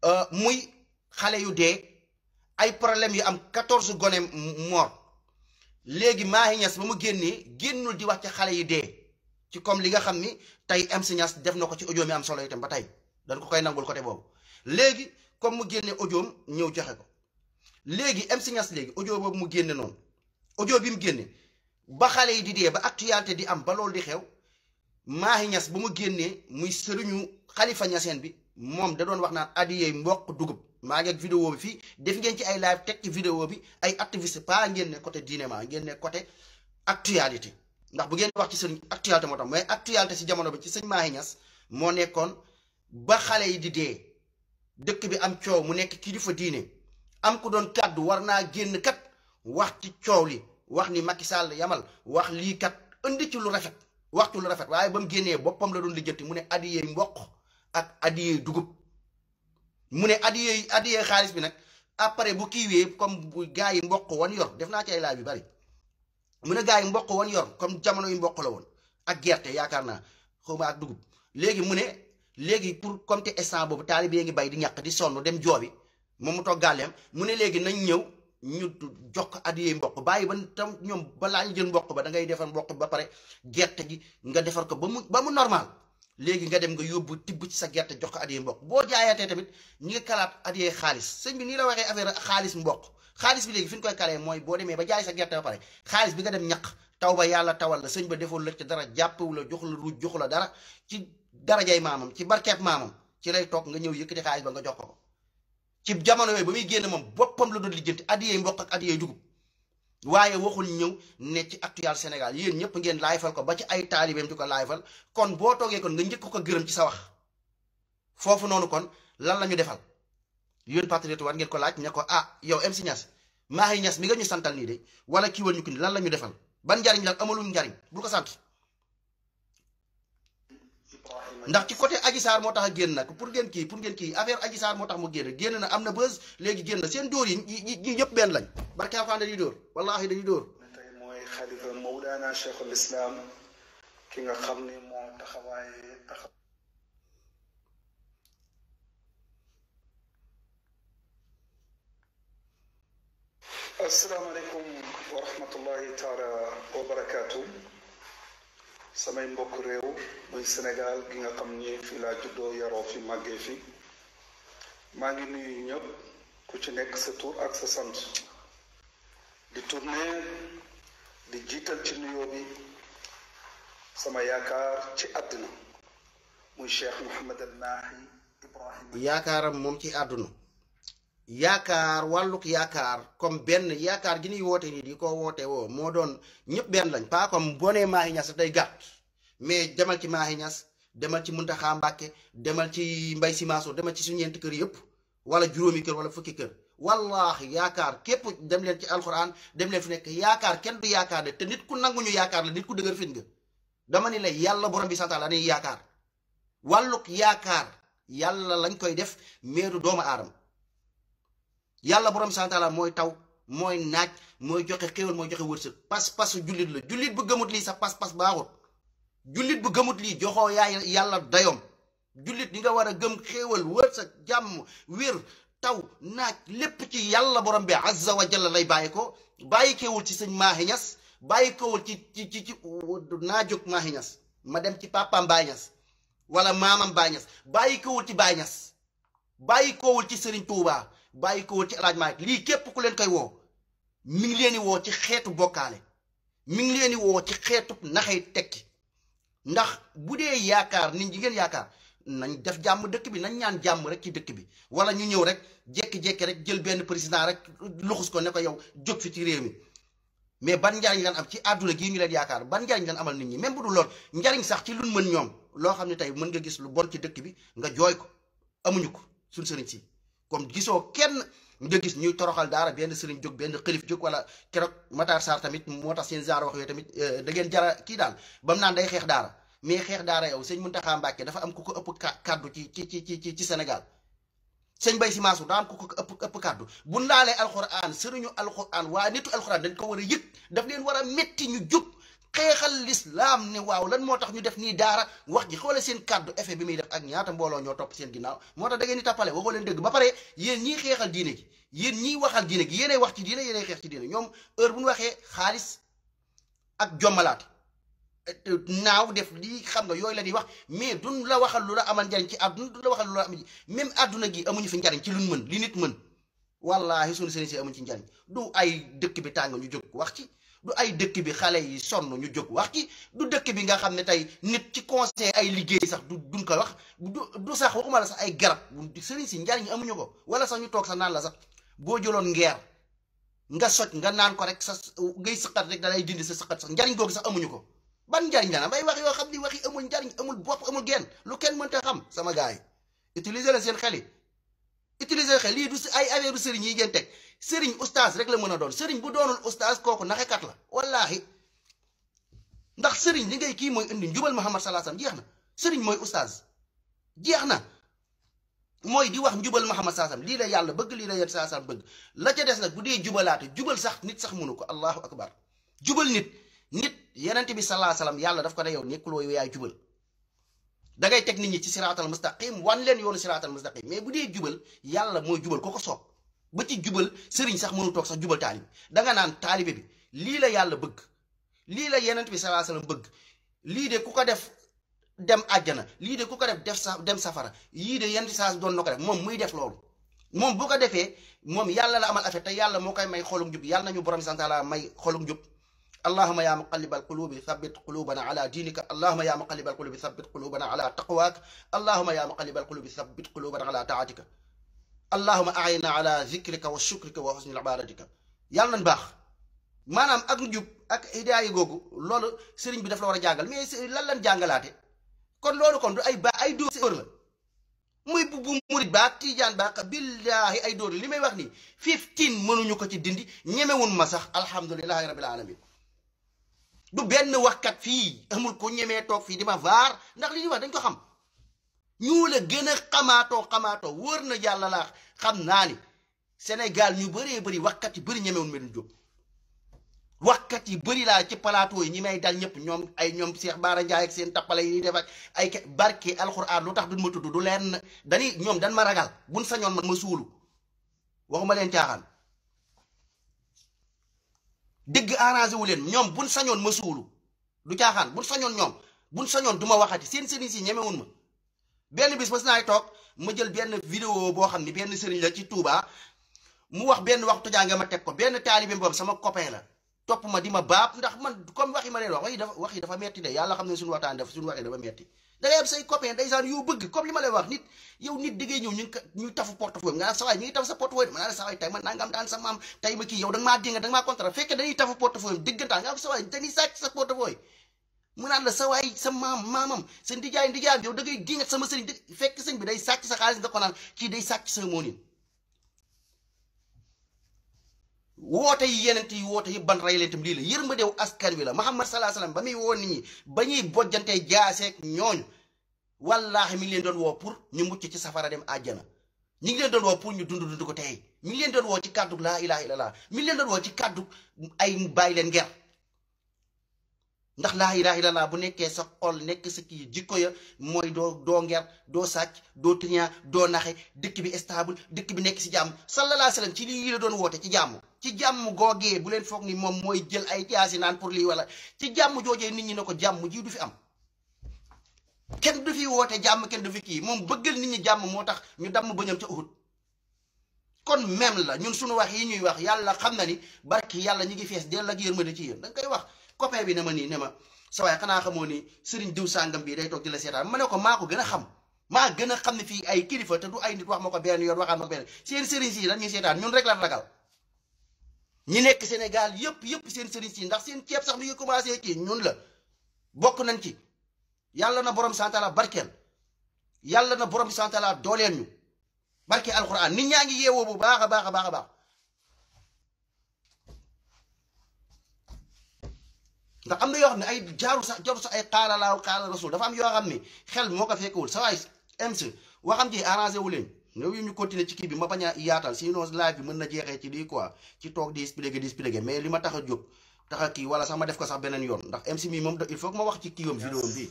Euh, muy xale yu dee ay problème yu am quatorze gone mort léegi Mahi Niass ba mu génnee génnul di wax ci xale yi dee ci comme li nga xam ni tey MC Niass def na ko ci audio mi am solo itam ba tey dañ ko koy nangul côté boobu léegi comme mu génnee audioom ñëw joxe ko léegi MC Niass léegi audio boobu mu génne noonu audio bi mu génne ba xale yi di dee ba actualité di am ba loolu di xew Mahi Niass ba mu génnee muy sëriñu xalifa Niassène bi moom da doon wax naan adiyee mboq dugub maa ngi ak vidéo bi fii def ngeen ci ay live teg ci bi ay activiste pas ngeen ne côté diinement ngeen ne côté actualité ndax bu ngeen wax ci sëriñ actualité moo tax mais actualité si jamono bi ci sëñ Mahi Niass moo nekkoon ba xale yi di dee dëkk bi am coow mu nekk kilifa diine am ku doon kàddu war naa génn kat wax ci coow li wax ni Macky Sall yamal wax lii kat indi ci lu rafet wax ci lu rafet waaye ba mu génnee boppam la doon lijjanti mu ne adiyee mboq. ak addiye dugub mu ne addiye addiye xaalis bi nag après bu kiiwee comme bu gaa yi mboq wan yor def naa ci laal laaj bi bari mu ne gaa yi mboq wan yor comme jamono yu mboq la woon ak gerte yaakaar naa xaw ak dugub léegi mu ne léegi pour comme te instant boobu taalibe yi ngi bay di ñàkk di sonn dem joobi moom mu toog mu ne léegi nañ ñëw ñu jox ko addiye mboq bàyyi ba tam ñoom balaa ñu jël mboq ba da ngay defar mboq ba pare gerte gi nga defar ko ba mu ba mu normal. léegi nga dem nga yóbbu tibb ci sa gerte jox ko adiyee mbokk boo jaayatee tamit ñi nga kalaat adiyee xaalis sëñ bi nii la waxee affaire xaalis mbokk xaalis bi léegi fi ñu koy kalee mooy boo demee ba sa gerte ba pare xaalis bi nga dem ñaq taw ba yàlla tawal la sëñ ba defoon la dara jàppewu la jox la ruuj jox la dara ci darajay maamam ci barkeeb maamam ci lay toog nga ñëw yëkkati xaalis ba nga jox ko ci jamono yooyu ba muy génn moom boppam la doon lijjanti adiyee mboq ak adiyee dugub waaye waxul ñëw ne ci actual Sénégal yéen ñëpp ngeen laayfal ko ba ci ay taalibeem di ko laayfal kon boo toogee kon nga njëkk ko gërëm ci sa wax foofu noonu kon lan la ñu defal yéen patriote war ngeen ko laaj ne ko ah yow MC Niass Mahi Niass mi nga ñu santal nii de wala kii woon ñu ko lan la ñu defal ban njariñ la amalul njariñ bul ko sant. ndax ci côté Adji Sarr moo tax a nag pour ngeen kii pour ngeen kii affaire Adji Sarr moo tax mu génn génn na am na bës léegi génn na seen dóor yi ñi ñëpp benn lañ barke alxuraan dañuy dóor wallaahi dañuy dóor. tey mooy xalifa Mawlana Cheikhul Islam ki nga xam ne moo taxawaaye taxaw. samay mbokk réew muy Sénégal gi nga xam ni fi laa juddoo yaroo fi màggee fi maa ngi nuyu ñëpp ku ci nekk sa tur ak sa sant di tournée di jiital ci nuyoo bi sama yaakaar ci àdduna muy Cheikh Mouhamed al Mahi Ibrahima yaakaaram moom ci àdduna yaakaar wàlluk yaakaar comme benn yaakaar gi ni woote nii di ko wootee woo moo doon ñëpp benn lañ pas comme boo nee Mahi sa tey gàtt mais demal ci Mahi Niass demal ci mun Muntaxa Mbàkke demal ci Mbay Si Mansour demal ci su ñeenti kër yëpp wala juróomi kër wala fukki kër wallaahi yaakaar képp dem leen ci alxuraan dem leen fi nekk yaakaar kenn du yaakaar de te nit ku nanguñu yaakaar la nit ku dëgër fit nga dama ni la yàlla borom bi santaal dañuy yaakaar wàlluk yaakaar yàlla lañ koy def meeru doomu aadama yàlla borom sant la mooy taw mooy naaj mooy joxe xéwal mooy joxe wërsëg pas-pasu jullit la jullit bu gëmut lii sa pas-pas baaxut jullit bu gëmut lii joxo yaay yàlla dayoom jullit di nga war a gëm xéwal wërsëg jàmm wér taw naaj lépp ci yàlla borom bi azza wa jalla lay bàyyi ko bàyyi kewul ci sëñ Maahi Ñas bàyyi kewul ci ci ci ci naajug Maahi Ñas ma dem ci papaam Baay Ñas wala maamam Baay Ñas bàyyi kewul ci Baay Ñas bàyyi kewul ci Sëriñ Tuubaa bàyyi ko ci alaaj Maalik lii képp ku leen koy woo mi ngi leen di woo ci xeetu bokkaale mi ngi leen di woo ci xeetu naxay tekki ndax bu dee yaakaar nit ñi ngeen yaakaar nañ def jàmm dëkk bi nañ ñaan jàmm rek ci dëkk bi wala ñu ñëw rek jékki-jékki rek jël benn président rek luxus ko ne ko yow jóg ci réew mi mais ban njariñ lan am ci àdduna gii ñu leen yaakaar ban njariñ lan amal nit ñi même bu dul lool njariñ sax ci luñ mën ñoom loo xam ne tey mën nga gis lu bon ci dëkk bi nga jooy ko amuñu ko suñ sëriñ si comme gisoo kenn nga gis ñuy toroxal daara benn sëriñ jóg benn xalif jóg wala keroog Matar Sarr tamit moo tax seen genre wax yooyu tamit euh, da ngeen jara kii daal bam naan day xeex daara mais xeex daara yow sëñ Muntaxa Mbàkke dafa am ku ko ëpp kàddu ci ci ci ci ci Sénégal sëñ Bay Si Mansour daa am ku ko ëpp ëpp kaddu bu laalee alxuraan sëriñu alxuraan waa nitu alxuraan dañ ko war a yëg daf leen war a metti ñu jóg xeexal lislaam ne waaw lan moo tax ñu def nii daara wax ji xoole seen kàddu effet bi muy def ak ñaata mbooloo ñoo topp seen ginnaaw moo tax da ngeen di tàppale waxoo leen dëgg ba pare yéen ñiy xeexal diine gi yéen ñiy waxal diine gi yéenay wax ci diine yéenay xeex ci diine ñoom heure bu ñu waxee xaalis ak jommalaat naaw def lii xam nga yooyu la di wax mais duñ la waxal lu la amal njariñ ci àdduna du la waxal lu la amal même àdduna gi amuñu fi njariñ ci luñ mën li nit mën wallaahi suñu sëriñ si amuñ ci njariñ du ay dëkk bi tàng ñu jóg wax ci du ay dëkk bi xale yi sonn ñu jóg wax ci du dëkk bi nga xam ne tey nit ci conseil ay liggéey sax du duñ ko wax du du sax waxuma la sax ay garab sëriñ si njariñ amuñu ko wala sax ñu toog sax naan la sax boo jëloon ngeer nga soj nga naan ko rek sa ngay sëqat rek dalay dindi sa sëqat sax njariñ googu sax amuñu ko ban njariñ la nag ay wax yoo xam ni wax amul njariñ amul bopp amul genn lu kenn mënta xam sama gars yi utiliser la seen xel yi utiliser xel lii du ay affaire sëriñ yi ngeen sëriñ ustaas rek la mën a doon sëriñ bu doonul ustaas kooku naxekat la wallaahi ndax sëriñ li ngay kii mooy indi njubal Muhammad salaa salaam jeex na sëriñ mooy ustaas jeex na mooy di wax njubal Muhammad salaa salaam lii la yàlla bëgg lii la yàlla salaa salaam bëgg la ca des nag bu dee jubalaate jubal sax nit sax mënu ko allahu akbar jubal nit nit yenent bi salaa salaam yàlla daf ko ne yow nekkuloo yow yaay jubal da ngay teg nit ñi ci siraatal mustaqim wan leen yoonu siraatal mustaqim mais bu dee jubal yàlla mooy jubal ko ko soob ba ci jubal sëriñ sax mënu toog sax jubal taalibe danga naan taalibe bi lii la yàlla bëgg lii la yenent bi salaa salaam bëgg lii de ku ko def dem àjjana lii de ku ko def def sa dem safara yii de yenent saa doon na ko def moom muy def loolu moom bu ko defee moom yàlla la amal affaire te yàlla moo koy may xolum jub yàlla nañu borom sant la may xolum jub allahuma yaa muqallibal qulubi thabbit qulubana ala diinika allahuma yaa muqallibal qulubi thabbit qulubana ala taqwaak allahuma yaa muqallibal qulubi thabbit qulubana ala taatika allahuma aayna ala zikrika wa shukrika wa husni ibadatika yàlla nañ baax maanaam ak njub ak hidaaya googu loolu sëriñ bi daf la war a jàngal mais lan lan jàngalaate kon loolu kon du ay ba ay dóor la muy bu bu murit baa tiijaan baa billaahi ay dóor li may wax nii fifteen mënuñu ko ci dindi ñemewun ma sax alhamdulilahi rabbil alamin du benn waxkat fii amul ko ñemee toog fii di ma vaar ndax li ñuy wax dañ ko xam ñoo la gën xamato xamaatoo xamaatoo wóor na yàlla laa xam naa ni Sénégal ñu bëree bëri wakati yi bëri ñemewuñ Medoune Diop waxkat bëri la ci plateau yi ñi may dal ñëpp ñom ay ñom Cheikh Bara Ndiaye ak seen tapalay yi def ak ay barke alxuraan lutax duñ ma tudd du lenn dañi ñom dañ ma ragal buñ sañon man ma suulu waxuma len tiaxal deug arrangé wu len ñom buñ sañon ma suulu du tiaxal buñ sañon ñom buñ sañon duma waxati seen ñëmé won ma benn bis mas naay tok ma jël benn vidéo boo xam ni benn sëriñ la ci Touba mu wax benn waxtu tojaange ma teg ko benn taalibe boobu sama copain la topp ma di ma baab ndax man comme waxi ma leen wax wax yi dafa metti de yàlla xam ne suñu waxtaan dafa suñu waxi dafa metti da ngay am say copain ndeysaan yu bëgg comme li ma lay wax nit yow nit da ngay ñëw ñu ñu tafu portefeuille nga naan way ñi ngi taf sa portefeuille man la naan way tay man nangam daan sa mam tay ma ki yow da nga ma dinga da nga ma contrat fekk dañuy tafu portefeuille dëggantaan nga sawaay dañuy sàcc sa portefeuille mu naan la sa waay sa maam maamam sa ndijaay ndijaayam yow da ngay dingat sama sëriñ dëgg fekk sëñ bi day sàcc sa xaalis nga ko naan kii day sàcc sa moonin woote yi yenent yi woote yi ban rey leen tam lii la yërmandeewu askan wi la Muhammad salaa salaam ba muy woo nit ñi ba ñuy bojjantee jaaseeg ñooñu wallaahi mi ngi leen doon woo pour ñu mucc ci safara dem àjjana ñi ngi leen doon woo pour ñu dund dund ko tey mi ngi leen doon woo ci kàddu laa ilaaha illallaah mi ngi leen doon woo ci kàddu ay bàyyi leen nger ndax laa ilaha illallah bu nekkee sa xol nekk sa kii jikko ya mooy doo doo nger doo sàcc doo triant doo naxe dëkk bi stable dëkk bi nekk si jàmm sallallahu sallam ci lii la doon woote ci jàmm ci jàmm googee bu leen foog ni moom mooy jël ay jaasi naan pour lii wala ci jàmm joojee nit ñi ne ko jàmm jii du fi am kenn du fi woote jàmm kenn du fi kii moom bëggal nit ñi jàmm moo tax ñu damm bëñam ca Uhud kon même la ñun suñu wax yi ñuy wax yàlla xam na ni barki yàlla ñu ngi fees dell ak yërmande ci yéen da koy wax copain bi ne ma nii ne ma sa waay xanaa xamoo ni sëriñ diw sàngam bii day toog di la seetaan ma ne ko maa ko gën a xam maa gën a xam ne fii ay kilifa te du ay nit wax ma ko benn yoon waxaat ma ko benn seen sëriñ si dañuy seetaan ñun rek la ragal ñi nekk Sénégal yëpp yëpp seen sëriñ si ndax seen ceeb sax mi ngi commencé ci ñun la bokk nañ ci yàlla na borom santala barkeel yàlla na borom santala dooleel ñu barke alquran nit ñaa ngi yeewoo bu ba a baax a baax a baax. ndax am na yoo xam ne ay jaaru sax jaru sax ay xaala laaw xaala rasul dafa am yoo xam ne xel moo ko fekkewul sa waay ms waxam ji wu leen ñow yu ñu continuer ci kii bi ma bañ a yaatal sinon live bi mën na jeexee ci lii quoi ci toog di expliquer di expliquer mais li ma tax a jóg tax a kii wala sax ma def ko sax beneen yoon ndax MC mi moom il faut que ma wax ci kiiwam vidéo bi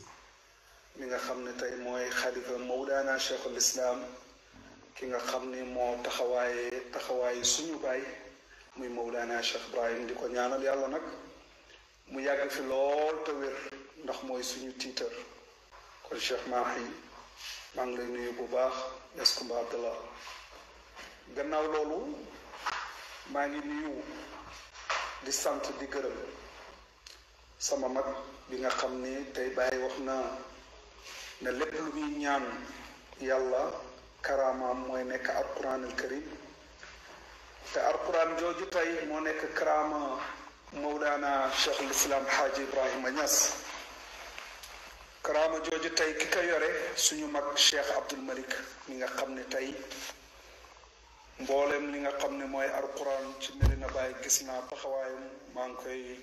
mi nga xam ne tey mooy xalifa Mawlaana Cheikhul Islam ki nga xam ne moo taxawaaye taxawaaye suñu baay muy Mawlaana Cheikh Ibrahim di ko ñaanal yàlla nag mu yàgg fi lool te wér ndax mooy suñu tiitar kon Cheikh Mahi maa ngi lay nuyu bu baax Niass Coumba Abdallah gannaaw loolu maa ngi nuyu di sant di gërëm sama mag bi nga xam ni tey bàyyi wax na ne lépp lu muy ñaan yàlla karaamaam mooy nekk alquran al karim te alquran jooju tey moo nekk karaama مولانا شيخ الاسلام حاجي ابراهيم نياس كرام جوجو تاي كيكا يوري سونو ماك شيخ عبد الملك ميغا خامني تاي مبولم ليغا خامني موي القران سي ملينا باي گيسنا باخوايم مانكاي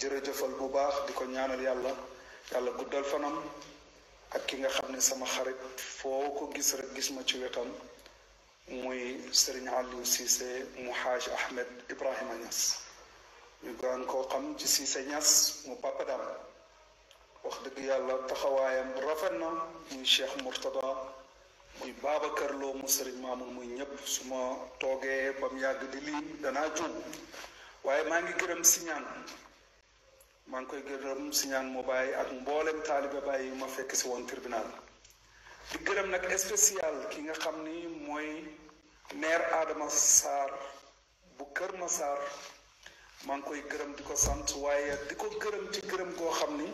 جيرو جوفال بو باخ ديكو نيانال يالا يالا گودال فنام اك كيغا خامني سما خريت فوكو گيس رك گيس ما تي ويتام موي سيرن علي سيسي محاج احمد ابراهيم نياس ñu gaan koo xam ci Cissé Niass mu Papa Dam wax dëgg yàlla taxawaayam rafet na muy Cheikh Mourtada muy Babacar Lo mu Sëriñ Maamul muy ñëpp su ma toogee ba yàgg di lii danaa juum waaye maa ngi gërëm siñaan maa ngi koy gërëm siñaan mu bàyyi ak mboolem taalibe bàyyi ma fekk si woon tribunal di gërëm nag spécial ki nga xam ni mooy maire aadama Sarr bu Kër Massar maa ngi koy gërëm di ko sant waaye di ko gërëm ci gërëm goo xam ni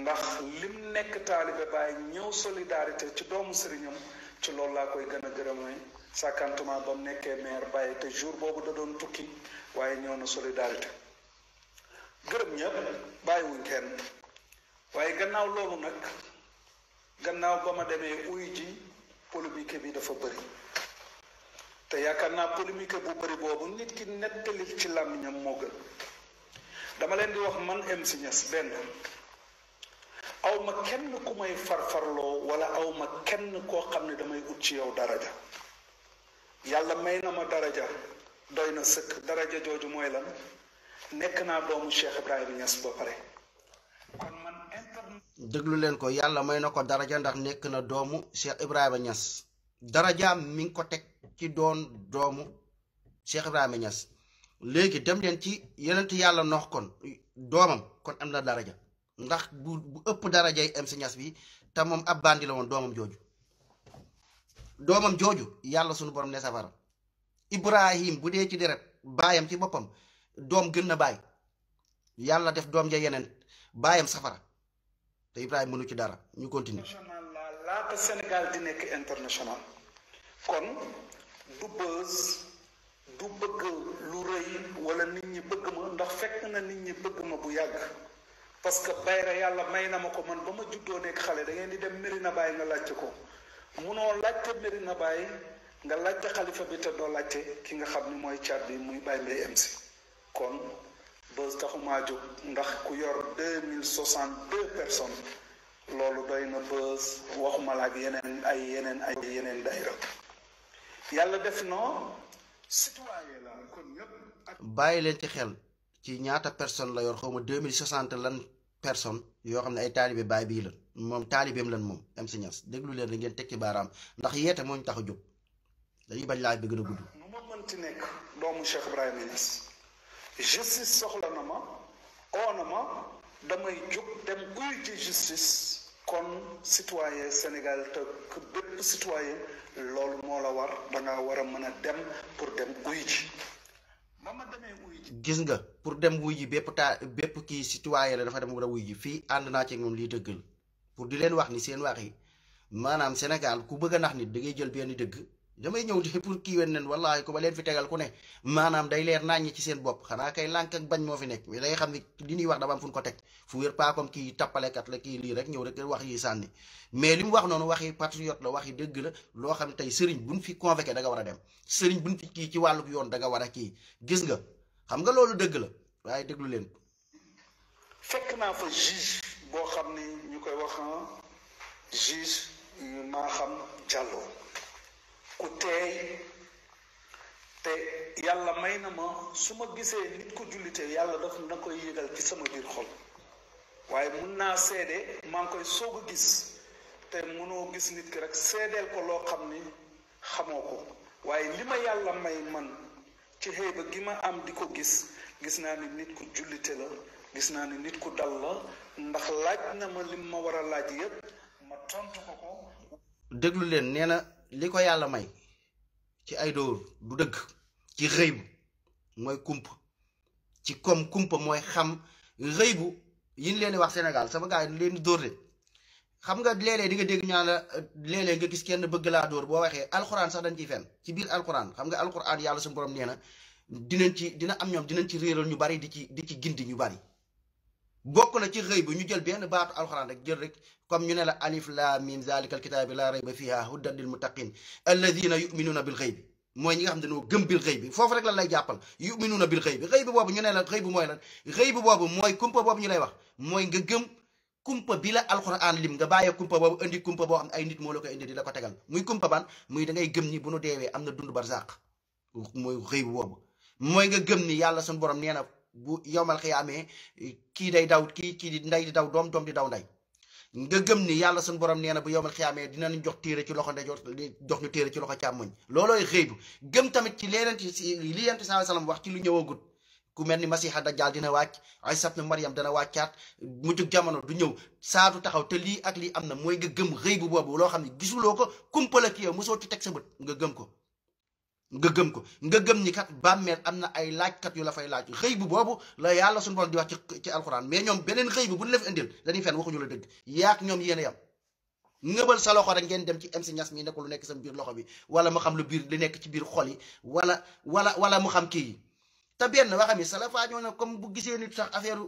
ndax lim nekk taalibe Baay ñëw solidarité ci doomu sëriñam ci loolu laa koy gën a gërëmee sàkkantuma ba nekkee maire Baay te jour boobu da doon tukki waaye ñëw na solidarité gërëm ñëpp bàyyiwuñ kenn waaye gannaaw loolu nag gannaaw ba ma demee uy ji polémique bi dafa bëri te yaakaar naa polémique bu bari boobu nit ki nettali ci ñam moo gën dama leen di wax man m si ñes benn aw ma kenn ku may farfarloo wala aw ma kenn koo xam ne damay ut ci yow daraja yàlla may na ma daraja doy na sëkk daraja jooju mooy lan nekk naa doomu cheikh ibrahima ñes ba pare kon man internet déglu leen ko yàlla may na ko daraja ndax nekk na doomu cheikh ibrahima ñes daraja mi ngi ko teg ki doon doomu Cheikh Ibrahima Niass léegi dem leen ci yeneen yonent yàlla nox kon doomam kon am na daraja ndax bu bu ëpp darajay MC Niass bi te moom ab bandi la woon doomam jooju doomam jooju yàlla sunu borom ne safara Ibrahim bu dee ci deret baayam ci boppam doom gën na baay yàlla def doom ja yeneen baayam safara te Ibrahima mënu ci dara ñu continuer. laata kon. du bës du bëgg lu rëy wala nit ñi bëgg ma ndax fekk na nit ñi bëgg ma bu yàgg parce que bayra yàlla may na ma ko man ba ma juddoo nekk xale da ngeen di dem Medina Baye nga laajte ko munoo laajte Medina Baye nga laajte xalifa bi te doo laajte ki nga xam ni mooy cat bi muy Baye Mbaye MC kon bës taxumaa jóg ndax ku yor deux mille soixante deux personnes loolu doy na bës waxuma la ak yeneen ay yeneen ay yeneen dayra yàlla def noo citoyen la kon ñëpp bàyyi leen ci xel ci ñaata personne la yor xaw ma deux mille soixante lan personne yoo xam ne ay taalibe baay bii lan moom taalibeem lan moom MC Niass déglu leen da ngeen tekki baaraam ndax yeete moo ñu tax a jóg dañuy bañ laaj bi gën a gudd. nu ma mënti nekk doomu Cheikh Ibrahima Niass justice soxla na ma oo na ma damay jóg dem uy ci justice kon citoyen Sénégal te bépp citoyen loolu moo la war da war a mën a dem pour dem uy ma demee wuy gis nga pour dem wuy ji bépp taa bépp kii citoyen la dafa dem war a wuy ji fii ànd naa ci moom lii dëggal pour di leen wax ni seen wax yi maanaam Sénégal ku bëgg a nax nit da ngay jël benn dëgg damay ñëw di pour kii wen nen wallaahi ku ba leen fi tegal ku ne maanaam day leer naññi ci seen bopp xanaa kay lànk ak bañ moo fi nekk mi da nga xam ne li ñuy wax dafa am fu ñu ko teg fu wér pas comme kii tappalekat la kii lii rek ñëw rek wax yi sànni mais li mu wax noonu waxi patriote la waxi dëgg la loo xam tey sëriñ buñ fi convoqué da nga war a dem sëriñ buñ fi kii ci wàlluk yoon da war a kii gis nga xam nga loolu dëgg la waaye déglu leen. fekk naa fa xam ni ñu koy wax maa xam jàlloo ku teey te yàlla may na ma su ma gisee nit ku jullite yàlla daf na koy yëgal ci sama biir xol waaye mun naa seede maa ngi koy soog a gis te mënoo gis nit ki rek seedeel ko loo xam ni xamoo ko waaye li ma yàlla may man ci xëy ba gi ma am di ko gis gis naa ni nit ku jullite la gis naa ne nit ku dal la ndax laaj na ma lim ma war a laaj yépp ma tontu ko ko déglu nee na li ko yàlla may ci ay dóor du dëgg ci rëy mooy kump ci comme kumpa mooy xam rëy bu leen di wax Sénégal sama gars yi leen dóor de xam nga léeg-léeg di nga dégg ñaan la léeg-léeg nga gis kenn bëgg laa dóor boo waxee alxuraan sax dañ ci fenn ci biir alxuraan xam nga alxuraan yàlla suñu borom nee na dinañ ci dina am ñoom dinañ ci réeral ñu bari di ci di ci gindi ñu bari bokk na ci xëy ñu jël benn baatu alxuraan rek jël rek comme ñu ne la alif laam miim zaalikal kitaabi laa rayba fiihaa hudan lil muttaqiin alladiina yu'minuuna bil xëy bi mooy ñi nga xam dañoo gëm bil xëy bi rek lan lay jàppal yu'minuuna boobu ñu ne la xëy bi mooy lay wax mooy nga gëm kumpa bi la alxuraan nga bàyyee kumpa boobu indi kumpa boo xam ne nit moo la ko tegal muy kumpa ban muy da ngay gëm ni bu nu deewee am na dund barzaq mooy xëy boobu mooy nga gëm ni yàlla suñu borom nee na bu yowmal xiyaamee kii day daw kii kii di ndey di daw doom doom di daw ndey nga gëm ni yàlla suñu borom nee na bu yowmal xiyaamee dinañ jox téere ci loxo ndeyjoor jox ñu téere ci loxo càmmoñ loolooy xëybu gëm tamit ci leneen si li yent saa salaam wax ci lu ñëwagut ku mel ni masiixa dajjaal dina wàcc ay sab na mariam dana wàccaat mujjug jamono du ñëw saatu taxaw te lii ak lii am na mooy nga gëm xëybu boobu loo xam ne gisuloo ko kumpala ki yow mosoo ci teg sa bët nga gëm ko nga gëm ko nga gëm ni kat bàmmeel am na ay laajkat yu la fay laaj xëy bu boobu la yàlla suñu borom di wax ci alxuraan mais ñoom beneen xëy bu bu ñu la fi indil dañuy waxuñu la dëgg yaak ñoom yéen a yam ngëbal dem ci MC Niass mi nekk sa biir loxo bi wala mu xam lu biir li nekk ci biir xol yi wala wala wala mu xam kii te benn waxam yi salafaa ñoo ne comme bu gisee nit sax affaire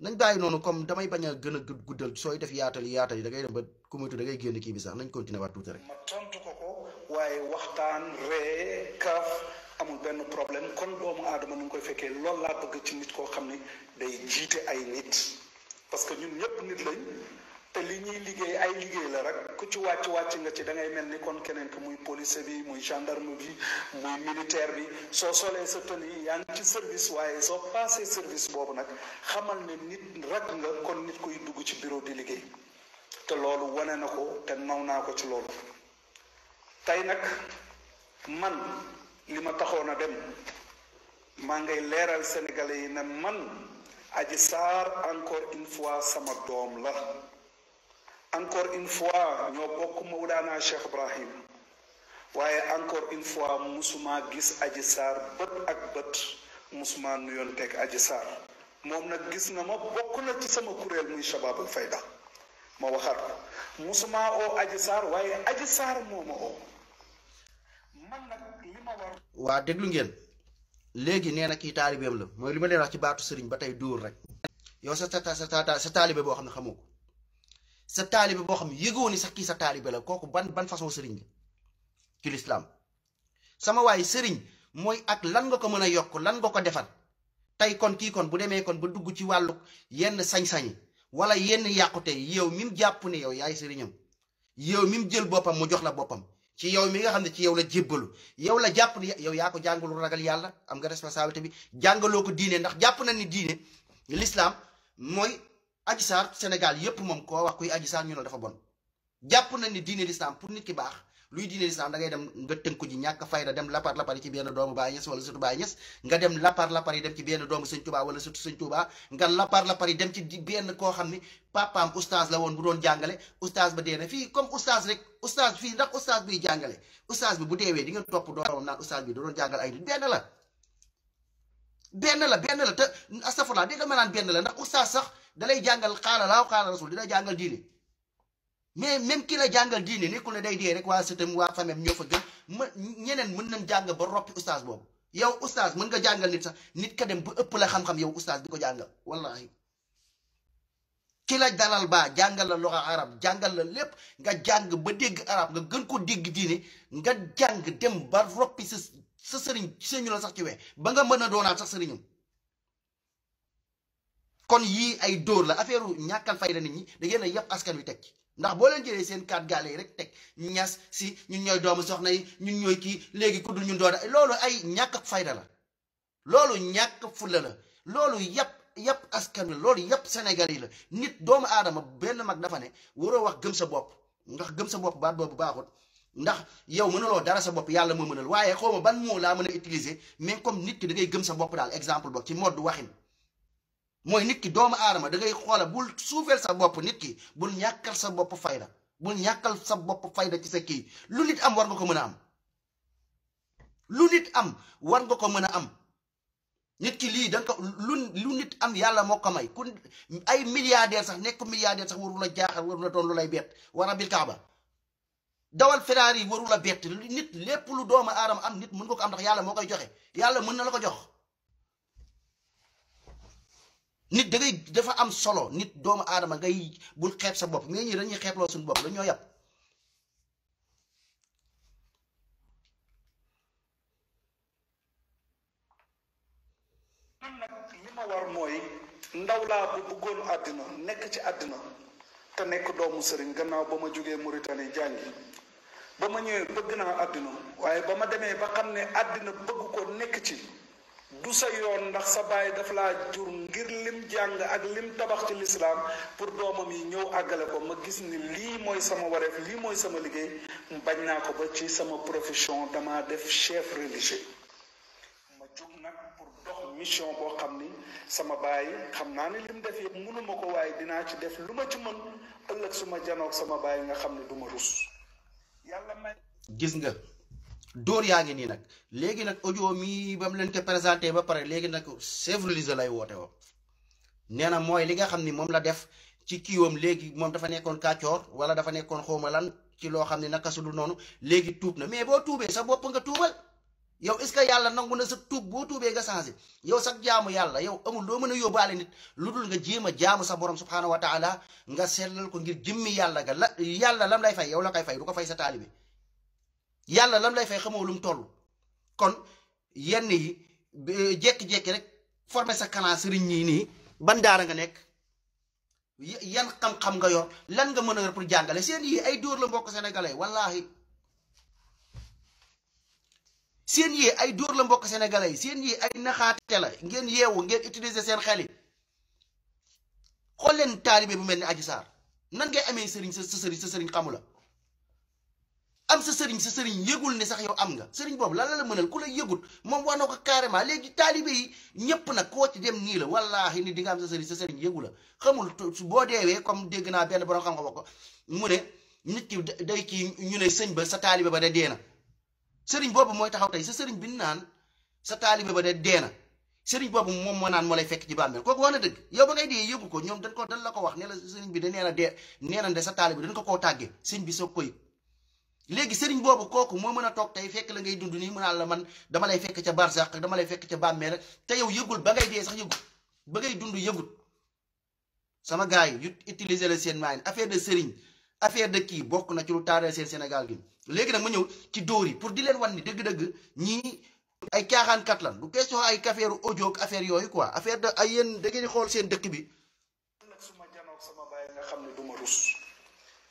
nañ bàyyi noonu comme damay bañ a gën a guddal sooy def yaatal yaatal yi da ngay dem ba ku moytu da ngay génn kii bi sax nañ continuer waat tuuti rek waaye waxtaan ree kaaf amul benn problème kon doomu aadama nu ngi koy fekkee loolu laa bëgg ci nit koo xam ni day jiite ay nit parce que ñun ñëpp nit lañ te li ñuy liggéey ay liggéey la rek ku ci wàcc wàcc nga ci da ngay mel ni kon keneen ki muy police bi muy gendarme bi muy militaire bi soo solee sa tenue yaa ngi ci service waaye soo paasee service boobu nag xamal ne nit rek nga kon nit kuy dugg ci bureau di liggéey te loolu wane na ko te naw naa ko ci loolu tey nag man li ma taxoon a dem maa ngay leeral sénégalais yi ne man aji saar encore une fois sama doom la encore une fois ñoo bokk Mawlana Cheikh Ibrahim waaye encore une fois musuma gis aji saar bët ak bët musuma nuyoon teg aji saar moom nag gis na ma bokk na ci sama kuréel muy Shababul Fayda ma waxaat ko musuma aji saar waaye aji saar moo ma waa déglu ngeen léegi nee na kii taalibeem la mooy li ma leen wax ci baatu sëriñ ba tey dóor rek. yow sa sa sa sa taalibe boo xam ne xamu ko sa taalibe boo xam ne yëgoo ni sax kii sa taalibe la kooku ban ban façon sëriñ la ci lislaam sama waay sëriñ mooy ak lan nga ko mën a yokk lan nga ko defal tey kon kii kon bu demee kon ba dugg ci wàllu yenn sañ-sañi wala yenn yàqute yow mi mu jàpp ne yow yaay sëriñam yow mi mu jël boppam mu jox la boppam. ci yow mi nga xam ne ci yow la jébbalu yow la jàpp ne yow yaa ko jàngalu ragal yàlla am nga responsabilité bi jàngaloo ko diine ndax jàpp na ni diine l'islam mooy aji saar Sénégal yépp moom ko wax kuy aji saar ñu dafa bon jàpp na ni diine l'islam pour nit ki baax luy diine lislaam da ngay dem nga tënku ji ñàkk fayda dem lapar lapari ci benn doomu Baay Ñas wala sëtu Baay Ñas nga dem lapar lapari dem ci benn doomu sëñ Tuubaa wala sëtu sëñ Tuubaa nga lapar lapari dem ci benn koo xam ni papaam oustaz la woon bu doon jàngale oustaz ba dee na fii comme oustaz rek oustaz fii ndax oustaz buy jàngale oustaz bi bu deewee di nga topp doomam naan oustaz bi da doon jàngal ay nit benn la benn la benn la te astafurlaa di dama naan benn la ndax oustaz sax dalay jàngal xaala laaw xaala rasul dina jàngal diine mais même ki la jàngal diine nekkul na day dee rek waa sëtam waa famem ñoo fa gën ma ñeneen mën na jàng ba roppi oustaz boobu yow oustaz mën nga jàngal nit sax nit ka dem bu ëpp la xam-xam yow oustaz di ko jàngal wallahi ki la dalal baa jàngal la loxo arab jàngal la lépp nga jàng ba dégg arab nga gën ko dégg diine nga jàng dem ba roppi sa sa sëriñ sëriñu la sax ci wee ba nga mën a doonaat sax sëriñam kon yii ay dóor la affaire ñàkkal fay fayda nit ñi da ngeen a askan wi teg ci ndax boo leen jëlee seen kat gaale yi rek teg ñas si ñun ñooy doomu soxna yi ñu ñooy kii léegi ku dul ñun doon loolu ay ñàkk fayda la loolu ñàkk fulla la loolu yàpp yàpp askan wi loolu yàpp Sénégal yi la nit doomu aadama benn mag dafa ne waroo wax gëm sa bopp ndax gëm sa bopp baat boobu baaxul ndax yow mënuloo dara sa bopp yàlla moo mënal waaye xaw ma ban moo laa mën a utiliser mais comme nit ki da ngay gëm sa bopp daal exemple boobu ci mode waxin mooy nit ki doomu aadama da ngay xoola bul suufeel sa bopp nit ki bul ñàkkal sa bopp fayda bul ñàkkal sa bopp fayda ci sa kii lu nit am war nga ko mën a am lu nit am war nga ko mën a am nit ki lii da ko lu lu nit am yàlla moo ko may ku ay sax nekk milliardaire sax warul a jaaxal warul a doon lu lay bett war a bil kaaba dawal Ferrari warul a bett nit lépp lu doomu aadama am nit mën nga am ndax yàlla moo koy joxe yàlla mën na la ko jox nit da dafa am solo nit doomu aadama ngay bul xeeb sa bopp mais ñi dañuy xeebloo suñu bopp lañoo yàpp li ma war mooy ndaw laa bu bëggoon àddina nekk ci àddina te nekk doomu sëriñ gannaaw ba ma jógee Mauritanie jàngi ba ma ñëwee bëgg naa àddina waaye ba ma demee ba xam ne àddina bëgg ko nekk ci du sa yoon ndax sa baay daf laa jur ngir lim jàng ak lim tabax ci lislaam pour doomam yi ñëw àggale ko ma gis ni lii mooy sama wareef lii mooy sama liggéey bañ naa ko ba ci sama profession dama def chef religieux ma jug nag pour dox mission boo xam ni sama baay xam naa ni lim def yëpp mënuma ko waaye dinaa ci def lu ma ci mën ëllëg su ma janoog sama baay nga xam ne duma ma rus yàlla may gis nga dóor yaa ngi nii nag léegi nag audio mi ba mu leen ko présenté ba pare léegi nag chef religieux lay woote woo nee na mooy li nga xam ni moom la def ci kiiwam léegi moom dafa nekkoon kàccoor wala dafa nekkoon xawma lan ci loo xam ne naka su dul noonu léegi tuub na mais boo tuubee sa bopp nga tuubal yow est-ce que yàlla nangu na sa tuub boo tuubee nga changé yow sax jaamu yàlla yow amul loo mën a yóbbaale nit lu dul nga jéem a jaamu sa borom subhaanahu wa taala nga sellal ko ngir jëmmi yàlla ga la yàlla lam lay fay yow la koy fay du ko fay sa taalibe yàlla lam lay fay xamoo lu mu kon yenn yi jékki-jékki rek formé sa kanaa sëriñ ñii nii ban daara nga nekk yan xam-xam nga yor lan nga mën a yor pour jàngale seen yi ay dóor la mbokk sénégalais wallaahi seen yi ay dóor la mbokk sénégalais yi seen yi ay naxaate la ngeen yeewu ngeen utiliser seen xel yi xool leen taalibe bu mel ni Adji Sarr nan ngay amee sëriñ sa sëriñ sa sëriñ xamu la am sa sëriñ sa sëriñ yëgul ne sax yow am nga sëriñ boobu lan la la mënal ku la yëgut moom wax na ko carrément léegi taalibe yi ñëpp nag koo ci dem nii la wallaahi ni di am sa sëriñ sa sëriñ yëgu la xamul boo deewee comme dégg naa benn borom xam-xam ko mu ne nit ki day kii ñu ne sëñ ba sa taalibe ba da dee na sëriñ boobu mooy taxaw tey sa sëriñ bi naan sa taalibe ba da dee na sëriñ boobu moom moo naan moo lay fekk ci bàmmeel kooku wax na dëgg yow ba ngay dee yëgu ko ñoom dañ ko dañ la ko wax ne la sëriñ bi da nee na dee nee na de sa taalibe dañ ko koo tàggee sëñ bi soo koy léegi sëriñ bobu koku mo mën tok tay fekk la ngay dund ni mën la man dama lay fekk ci barsax dama lay fekk ci bàmmeel te yow yegul ba ngay dé sax yegul ba ngay dund yegul sama gaay yu utiliser la sen main affaire de sëriñ affaire de ki bokku na ci lu taré sen Sénégal gi léegi nak ma ñew ci dóor pour di len wan ni deug ñi ay 44 lan du question ay affaire audio ak affaire yoy quoi affaire de ay yéen da ngeen di xool dëkk bi. nag su sama baay nga xam ne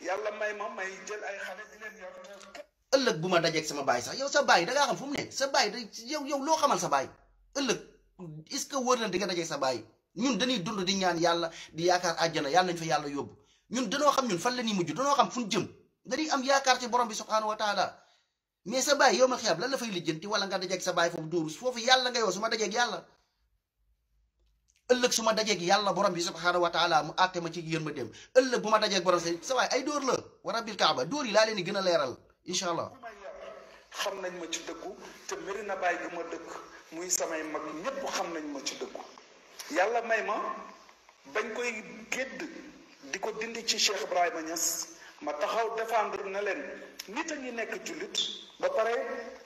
yàlla may ma may jël ay xale di leen yor ëllëg bu ma dajeeg sama baay sax yow sa baay da xam fu mu ne sa baay da yow yow loo xamal sa baay ëllëg est-ce que wóor na di nga dajeeg sa baay ñun dañuy dund di ñaan yàlla di yaakaar àjjana yàlla nañ fa yàlla yóbbu ñun danoo xam ñun fan la ñuy mujj danoo xam fu ñu jëm dañuy am yaakaar ci borom bi subhaanahu wa taala mais sa baay yow ma xiyaab lan la fay lijjanti wala nga dajeeg sa baay foofu dóoru foofu yàlla nga yow su ma dajeeg yàlla ëllëg su ma dajeeg yàlla borom bi subhanahu wa taala mu àtte ma ci yërmandeem ëllëg bu ma dajeeg borom sa sa waay ay dóor la wa rabbil kaaba dóor yi laa leen di gën a leeral incha allah. xam nañ ma ci dëkku te mbiri na bàyyi gi ma dëkk muy samay mag ñëpp xam nañ ma ci dëkku yàlla may ma bañ koy gédd di ko dindi ci Cheikh Ibrahima Niass ma taxaw défendre na leen nit a ngi nekk jullit ba pare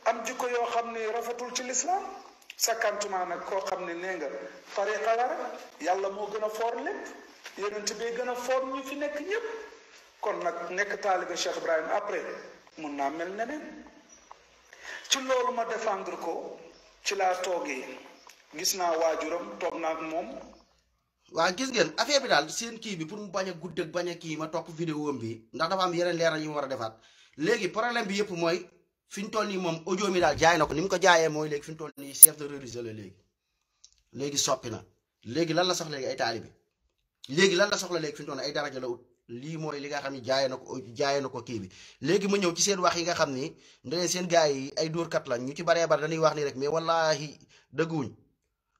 am jikko yoo xam ne rafetul ci lislaam sakkantumaa nag koo xam ne neenga nga tariqa la yàlla moo gën a foor lépp yonent bee gën a foor ñu fi nekk ñépp kon nag nekk taalibe Cheikh Ibrahim après mun naa mel neneen ci loolu ma défendre ko ci laa toogee gis naa waajuram toog naa ak moom waa gis ngeen affaire bi daal seen kii bi pour mu bañ a gudd bañ a kii ma topp vidéo bi ndax dafa am yeneen leeral yi ma war a defaat léegi problème bi yëpp mooy fi ñu toll nii moom audio mi daal jaay na ko ni mu ko jaayee mooy léegi fi ñu toll nii chef de religieux la léegi léegi soppi na léegi lan la soxla léegi ay taalibe léegi lan la soxla léegi fi ay daraja la ut lii mooy li nga xam ni jaayee na ko jaay na ko kii bi léegi ma ñëw ci seen wax yi nga xam ni ndane seen gars yi ay dóorkat la ñu ci baree bare dañuy wax nii rek mais wallaahi dëgguwuñ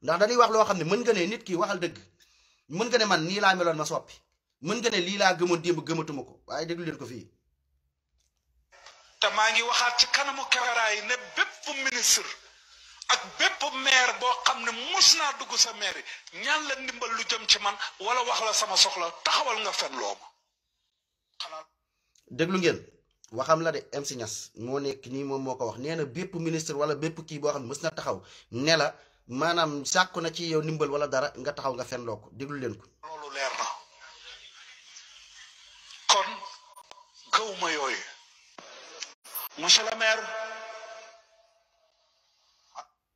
ndax dañuy wax loo xam ne mën nga ne nit ki waxal dëgg mën nga ne man nii laa meloon ma soppi mën nga ne lii laa gëmoon démb gëmatuma ko waaye déglu leen ko fii te maa ngi waxaat ci kanamu caméra yi ne bépp ministre ak bépp maire boo xam ne mus naa dugg sa maire yi ñaan la ndimbal lu jëm ci man wala wax la sama soxla taxawal nga fen loomu déglu ngeen waxam la de MC moo nekk nii moom moo ko wax nee na bépp ministre wala bépp kii boo xam ne mës na taxaw ne la maanaam sàkku na ci yow ndimbal wala dara nga taxaw nga fen ko déglu leen ko. loolu leer na kon gëw ma yooyu. monsieur le maire.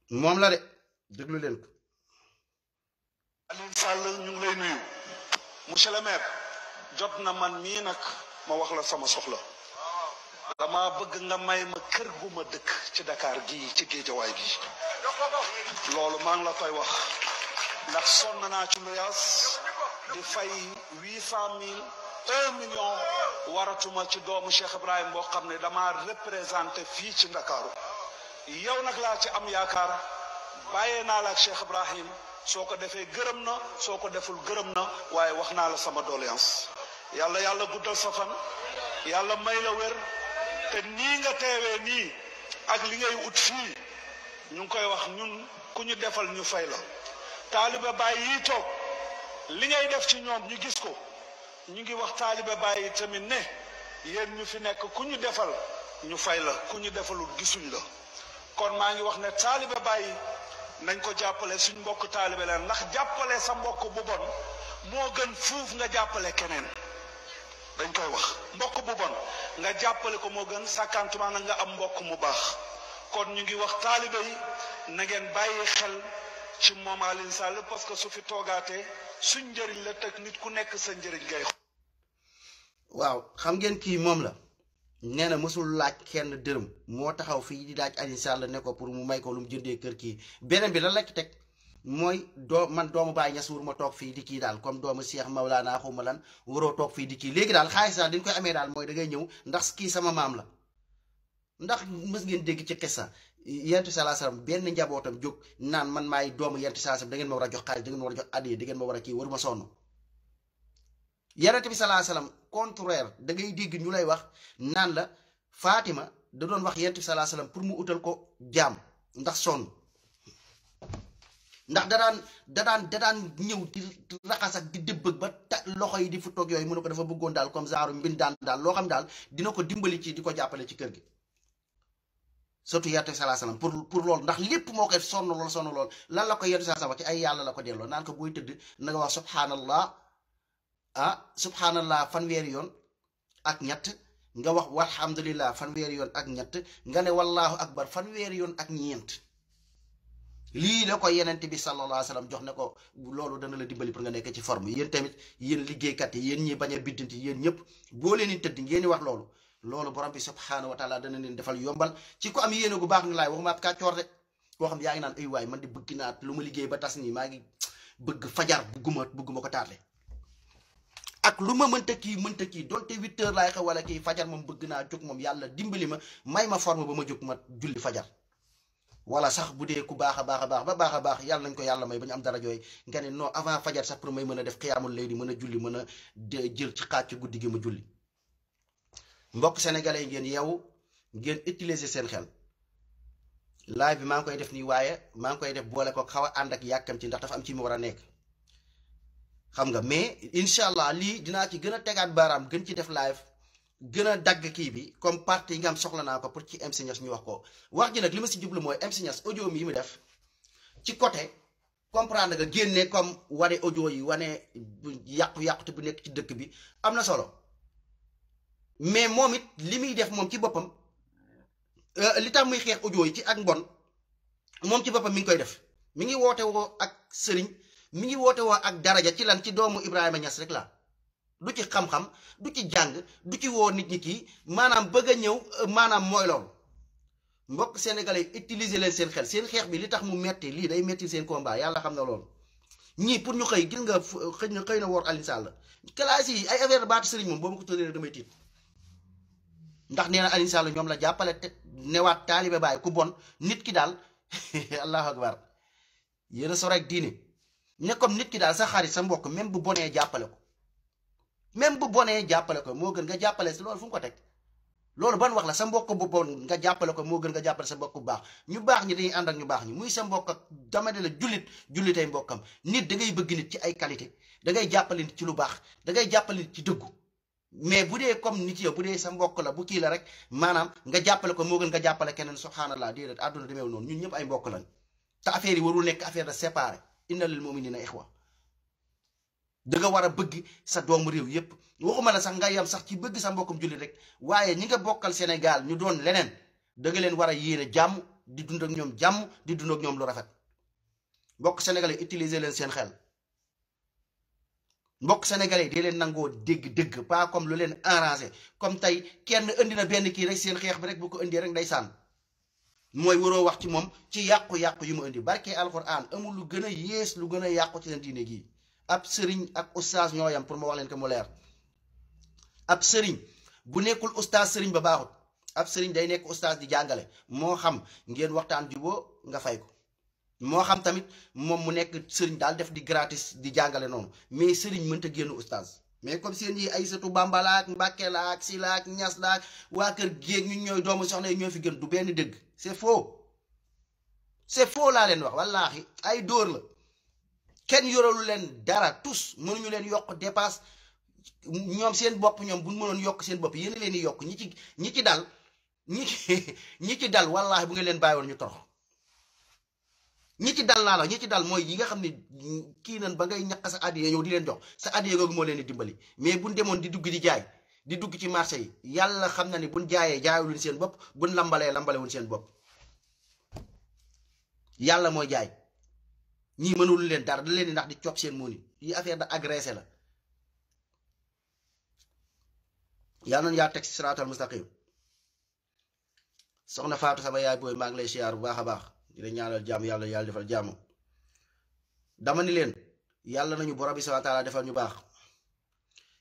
moom la de déglu leen ko. Aliou Sall ñu ngi lay nuyu. monsieur le maire. jot na man mii nag ma wax la sama soxla. dama bëgg nga may ma kër gu ma dëkk ci dakaar gi ci géejawaay gi. loolu maa ngi la fay wax. ndax sonn naa ci luyaas di fay huit cent mille. un million waratuma ci doomu Cheikh Ibrahim boo xam ne dama représenté fii ci Ndakaaru yow nag laa ci am yaakaar bàyyee naa la ak Cheikh Ibrahim soo ko defee gërëm na soo ko deful gërëm na waaye wax naa la sama doléance yàlla yàlla guddal sa yàlla may la wér te nii nga teewee nii ak li ngay ut fii ñu ngi koy wax ñun ku ñu defal ñu fay la taaliba bàyyi toog li ngay def ci ñoom ñu gis ko ñu ngi wax taalibe bàyyi tamit ne yéen ñu fi nekk ku ñu defal ñu fay la ku ñu defalul gisuñ la kon maa ngi wax ne taaliba bàyyi nañ ko jàppale suñ mbokk taalibe leen ndax jàppale sa mbokk bu bon moo gën fuuf nga jàppale keneen dañ koy wax mbokk bu bon nga jàppale ko moo gën sàkkantuma na nga am mbokk mu baax kon ñu ngi wax taalibe yi na ngeen bàyyi xel ci moom Alioune Sall parce que su fi toogaatee suñ njëriñ la teg nit ku nekk sa njëriñ ngay waaw xam ngeen kii moom la nee na mësul laaj kenn dërëm moo taxaw fii di laaj Alioune Sall ne ko pour mu may ko lu mu jëndee kër kii beneen bi lan la ci teg mooy doo man doomu Baye Niass wur ma toog fii di kii daal comme doomu Cheikh Maulana xuma lan waroo toog fii di kii léegi daal xaalis daal koy amee daal mooy dangay ngay ñëw ndax kii sama maam la ndax mës ngeen dégg ci xissa yent salaa salaam benn njabootam jóg naan man maay doomu yent salaa salaam da ngeen ma war a jox xaalis da ngeen ma war a jox addiya da ma war a kii waruma sonn yonent bi salaa salaam contraire da ngay dégg ñu lay wax naan la Fatima da doon wax yonent bi salaa salaam pour mu utal ko jaam ndax sonn ndax dadaan dadaan dadaan ñëw di raxas ak di dëbbëg ba ta loxo yi di fu toog yooyu mu a ko dafa bëggoon daal comme genre mbin daan daal loo xam daal dina ko dimbali ci di ko jàppale ci kër gi surtout yertu salaa salaam pour pour loolu ndax lépp moo koy sonn lool sonn lool lan la ko yertu salaa salaam ci ay yàlla la ko delloo naan ko booy tëdd na nga wax subhanallah ah subhanallah fanweeri yoon ak ñett nga wax walhamdulillah fanweeri yoon ak ñett nga ne wallahu akbar fanweeri yoon ak ñeent lii la ko yenent bi sallallahu alayhi wasallam jox ne ko loolu dana la dimbali pour nga nekk ci forme yéen tamit yéen liggéeykat yi yéen ñi bañ a biddanti yéen ñëpp boo leen di tëdd ngeen di wax loolu loolu borom bi subhaanahu wa taala dana leen defal yombal ci ku am yéene gu baax nga laay waxuma ab kàccoor de koo xam yaa ngi naan ay waay man di bëgg naa lu ma liggéey ba tas nii maa ngi bëgg fajar bëgguma bëgguma ko taarle lu ma mënta kii mënta kii donte huit heures laay xew wala kii fajar moom bëgg naa jóg moom yàlla dimbali ma may ma forme ba ma jóg ma julli fajar wala sax bu dee ku baax a baax a baax ba baax a baax yàlla nañ ko yàlla may ba am dara jooy nga ne non avant fajar sax pour may mën a def xiyaamul lay di mën a julli mën a jël ci xaaj ci guddi gi ma julli mbok sénégalais ngeen yeewu ngeen utiliser sen xel live bi maa koy def ni waye maa koy def bolé ko xawa a ànd ak yàkkam ci ndax dafa am ci mu wara nek xam nga mais inshallah li dina ci gëna a baram gën ci def live gëna dag ki bi comme parti nga am soxla naa ko pour ci MC Niass ñu wax ko wax ji nak lima ci si moy MC Niass audio mi mu def ci côté comprendre nga génne comme waré audio yi wane yaq yaq te bu nek ci dëkk bi am na solo. mais moom it li muy def moom ci boppam euh, li tax muy xeex audio ci ak mbon moom ci boppam mi ngi koy def mi ngi woote woo ak sëriñ mi ngi woote woo ak daraja ci lan ci doomu Ibrahima ñas rek la du ci xam-xam du ci jàng du ci woo nit ñi kii maanaam bëgg a ñëw euh, maanaam mooy loolu mbokk sénégalais utiliser leen seen xel seen xeex bi li tax mu metti lii day metti seen combat yàlla xam na loolu ñii pour ñu xëy gis nga xëy na xëy na woor Alioune Sall classe yi ay affaire ndax neena ali sallu ñom la jàppale te newaat taalibe bàyyi ku bon nit ki dal *laughs* allahu akbar yéen so rek diiné ne comme nit ki dal sa xarit sa mbokk même bu boné jappalé ko même bu boné jappalé ko mo gën nga jappalé ci lool fu ko tek lool ban wax la sa mbokk bu bon nga jappalé ko mo gën nga jappalé sa mbokk bu baax ñu baax ñi dañuy and ak ñu baax ñi muy sa mbokk dama dé la julit julité mbokkam nit da ngay bëgg nit ci ay qualité da ngay jappalé nit ci lu baax da ngay jappalé nit ci deggu mais bu dee comme nit yow bu dee sa mbokk la bu kii la rek maanaam nga jàppale ko moo gën nga jàppale keneen subhaanallaa déedéet àdduna demeewul noonu ñun ñëpp ay mbokk lañ te affaire yi warul nekk affaire de séparé inna lil muminina ixwa da nga war a bëgg sa doomu réew yépp waxuma la sax nga yam sax ci bëgg sa mbokkum jullit rek waaye ñi nga bokkal Sénégal ñu doon leneen da nga leen war a yéene jàmm di dund ak ñoom jàmm di dund ak ñoom lu rafet mbokk sénégalais utiliser leen seen xel mbok sénégalais di leen nangoo deg deg pa comme lu leen arranger comme tay kenn andi na benn kii rek seen xex bi rek bu ko andi rek ndeysaan moy woro wax ci mom ci yàqu-yàqu yu mu indi barke alquran amul lu gëna Yes, lu gëna a ci ab sëriñ ak oustaz ñoo yam pour ma wax leen ko mo leer ab sëriñ bu nekkul oustaz sëriñ ba baaxut ab sëriñ day nekk oustaz di jangalé mo xam ngeen waxtaan jubo nga fay ko mo xam tamit mom mu nek serigne dal def di gratis di jangale non mais serigne meunta gennu oustaz mais comme sen yi ay sëtu Bàmba ak mbake la ak sila ak Ñas la wa keur kër ñun doomu soxna ñoy fi genn du ben deug c'est faux c'est faux la len wax wallahi ay dóor la ken yoralu len dara tous ñu len yok dépasse ñom sen bop ñom buñu mënon yok sen bop yene len yok ñi ci ñi ci dal ñi ci *laughs* dal wallahi bu ngeen len bayiwon ñu torox ñi ci dal laa la ñi ci dal moy yi nga xamni ki nan ba ngay ñak sa adiya yow di len jox sa adiya gog mo len di dimbali mais buñ demoon di dugg di jaay di dugg ci marché yi yalla xamna ni buñ jaayul jaayuwuñ seen bop buñ lambalé wuñ seen bop yalla moy jaay ñi mënul len dar da len ndax di ciop seen moni yi affaire da agressé la yàlla nañ si mustaqim soxna fatou sama yaay boy ma ngi lay xiar bu di ñaanal jamm yalla yalla defal jamm dama ni len yalla nañu borom subhanahu wa taala defal ñu bax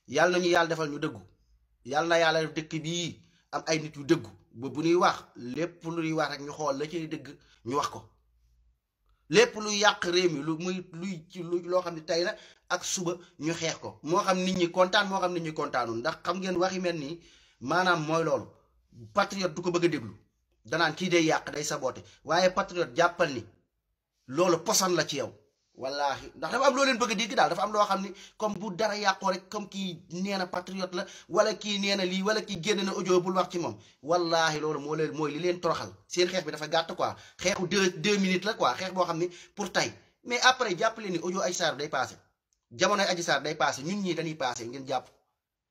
yalla nañu yalla defal ñu dëggu yalla na yalla dekk bi am ay nit yu dëggu bo bu ñuy wax lepp lu ñuy wax rek ñu xol la ci degg ñu wax ko lepp lu yaq reemi lu muy luy lu loo xam ne tey la ak suba ñu xex ko mo xam nit ñi contane mo xam nit ñi contane ndax xam ngeen waxi melni manam moy lool patriote du ko bëgg deglu danaan kii day yàq day saboote waaye patriote jàppal ni loolu posan la ci yow wallaahi ndax dafa am loo leen bëgg a dégg daal dafa am loo xam ni comme bu dara yàqoo rek comme kii nee na patriote la wala kii nee na lii wala kii génn na audio bul wax ci moom wallaahi loolu moo leen mooy li leen toroxal seen xeex bi dafa gàtt quoi xeexu deux deux minutes la quoi xeex boo xam ni pour tey mais après jàpp leen ni audio Adji Sarr day passé jamonoy Adji Sarr day passé ñun ñii dañuy passé ngeen jàpp.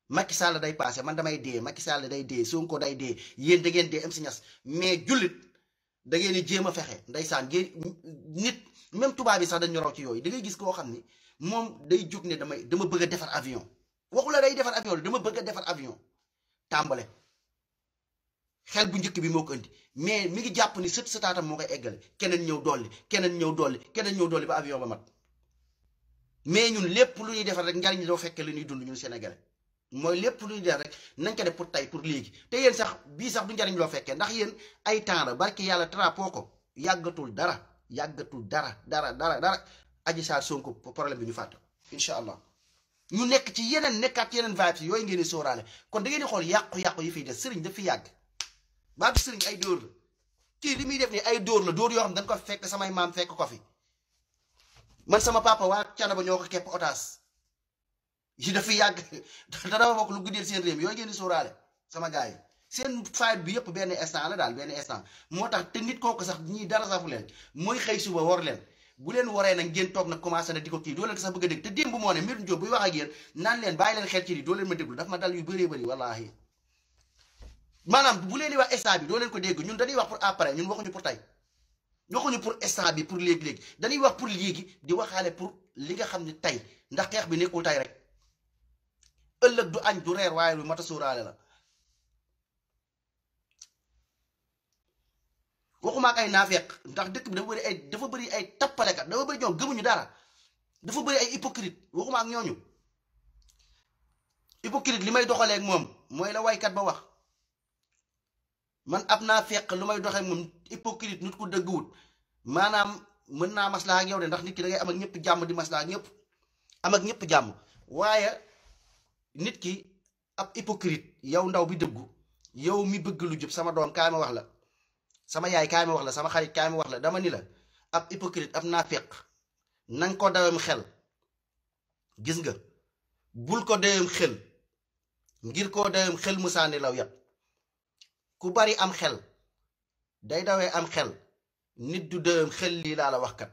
Macky Sall day passé man damay dee Macky Sall day dee Sonko day dee yéen da ngeen dee MC Niass mais jullit da ngeen di jéem a fexe ndeysaan ngeen nit même tubaab yi sax dañ raw ci yooyu da ngay gis koo xam ni moom day jóg ne damay dama bëgg defar avion waxu la day defar avion dama bëgg a defar avion tàmbale xel bu njëkk bi moo ko indi mais mi ngi jàpp ni sët sëtaatam moo koy eggale keneen ñëw dolli keneen ñëw dolli keneen ñëw dolli ba avion ba mat mais ñun lépp lu ñuy defar rek njariñ doo fekkee lu ñuy dund ñun sénégalais mooy lépp lu ñu rek nañ ko def pour tey pour léegi te yéen sax bii sax du njariñ loo fekkee ndax yéen ay temps la barki yàlla trappoo ko yàggatul dara yàggatul dara dara dara dara aji saa Sonko problème bi ñu fàtte incha allah ñu nekk ci yeneen nekkaat yeneen vibes yi yooyu ngeen di sóoraale kon da ngeen di xool yàqu-yàqu yi fiy def sëriñ daf fi yàgg baatu sëriñ ay dóor la kii li muy def ni ay dóor la dóor yoo xam dañ ko fekk samay maam fekk ko fi man sama papa waa Canaba ñoo ko képp otaas yi dafa yàgg *laughs* dana bokk lu guddeel seen réew mi yooyu ngeen di sóoraale sama gars yi seen faayit bi yëpp benn instant la daal benn instant moo tax te nit kooku sax ñii dara safu leen mooy xëy suba war leen bu leen waree nag ngeen toog nag commencé na di ko kii doo leen sax bëgg a dégg te démb moo ne mbirum Jóob buy wax ak yéen naan leen bàyyi leen xel ci lii doo leen ma déglu daf ma dal yu bëree bëri wallaahi maanaam bu leen di wax instant bi doo leen ko dégg ñun dañuy wax pour après ñun waxuñu pour tey waxuñu bi pour léegi dañuy wax pour léegi di waxaale pour li nga xam ne tey ndax xeex bi nekkul tey rek ëlëk du añ du reer waaye lu mata a suuraale la waxuma ak ay naafeq ndax dëkk bi dafa bëri ay dafa bëri ay kat dafa bëri ñoom gëmuñu dara dafa bëri ay hypocrite waxuma ak ñooñu hypocrite li may doxalee ak moom mooy la waykat ba wax man ab naafeq lu may doxee moom hypocrite nit ku dëgguwut maanaam mën naa maslaa ak yow de ndax nit ki da ngay am ak ñëpp jàmm di maslaa ak ñëpp am ak ñëpp jàmm waaye nit ki ab hypocrite yow ndaw bi dëggu yow mi bëgg lu jub sama doom kaay ma wax la sama yaay kaay ma wax la sama xarit kaay ma wax la dama ni la ab hypocrite ab naaféq nanga koo dawem xel gis nga bul ko dawem xel ngir koo dawem xel mu saani law yat ku bari am xel day dawee am xel nit du dawem xel lii laa la wax kat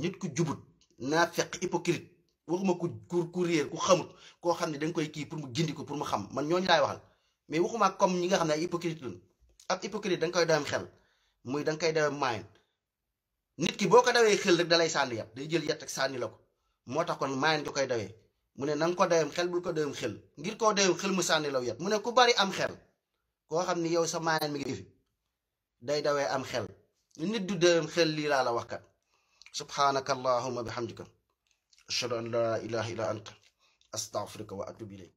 nit ku jubut naaféq hypocrite waxuma ku ku ku réer ku xamut koo xam ne da koy kii pour mu gindi ko pour mu xam man ñooñu laay waxal mais waxuma comme ñi nga xam ne ay hypocrite lañu ab hypocrite da koy dawam xel muy da nga koy dawam maayin nit ki boo ko dawee xel dalay sànni yàpp day jël yett ak ko moo tax kon maayin nga koy dawee mu ne na ko dawam xel bul ko dawam xel ngir koo dawam xel mu sànni law yett mu ne ku bari am xel koo xam ni yow sa maayin mi ngi fi day dawee am xel nit du dawam xel lii laa la wax kat subhanaka allahumma bihamdika أشهد أن لا إله إلا أنت أستغفرك وأتوب إليك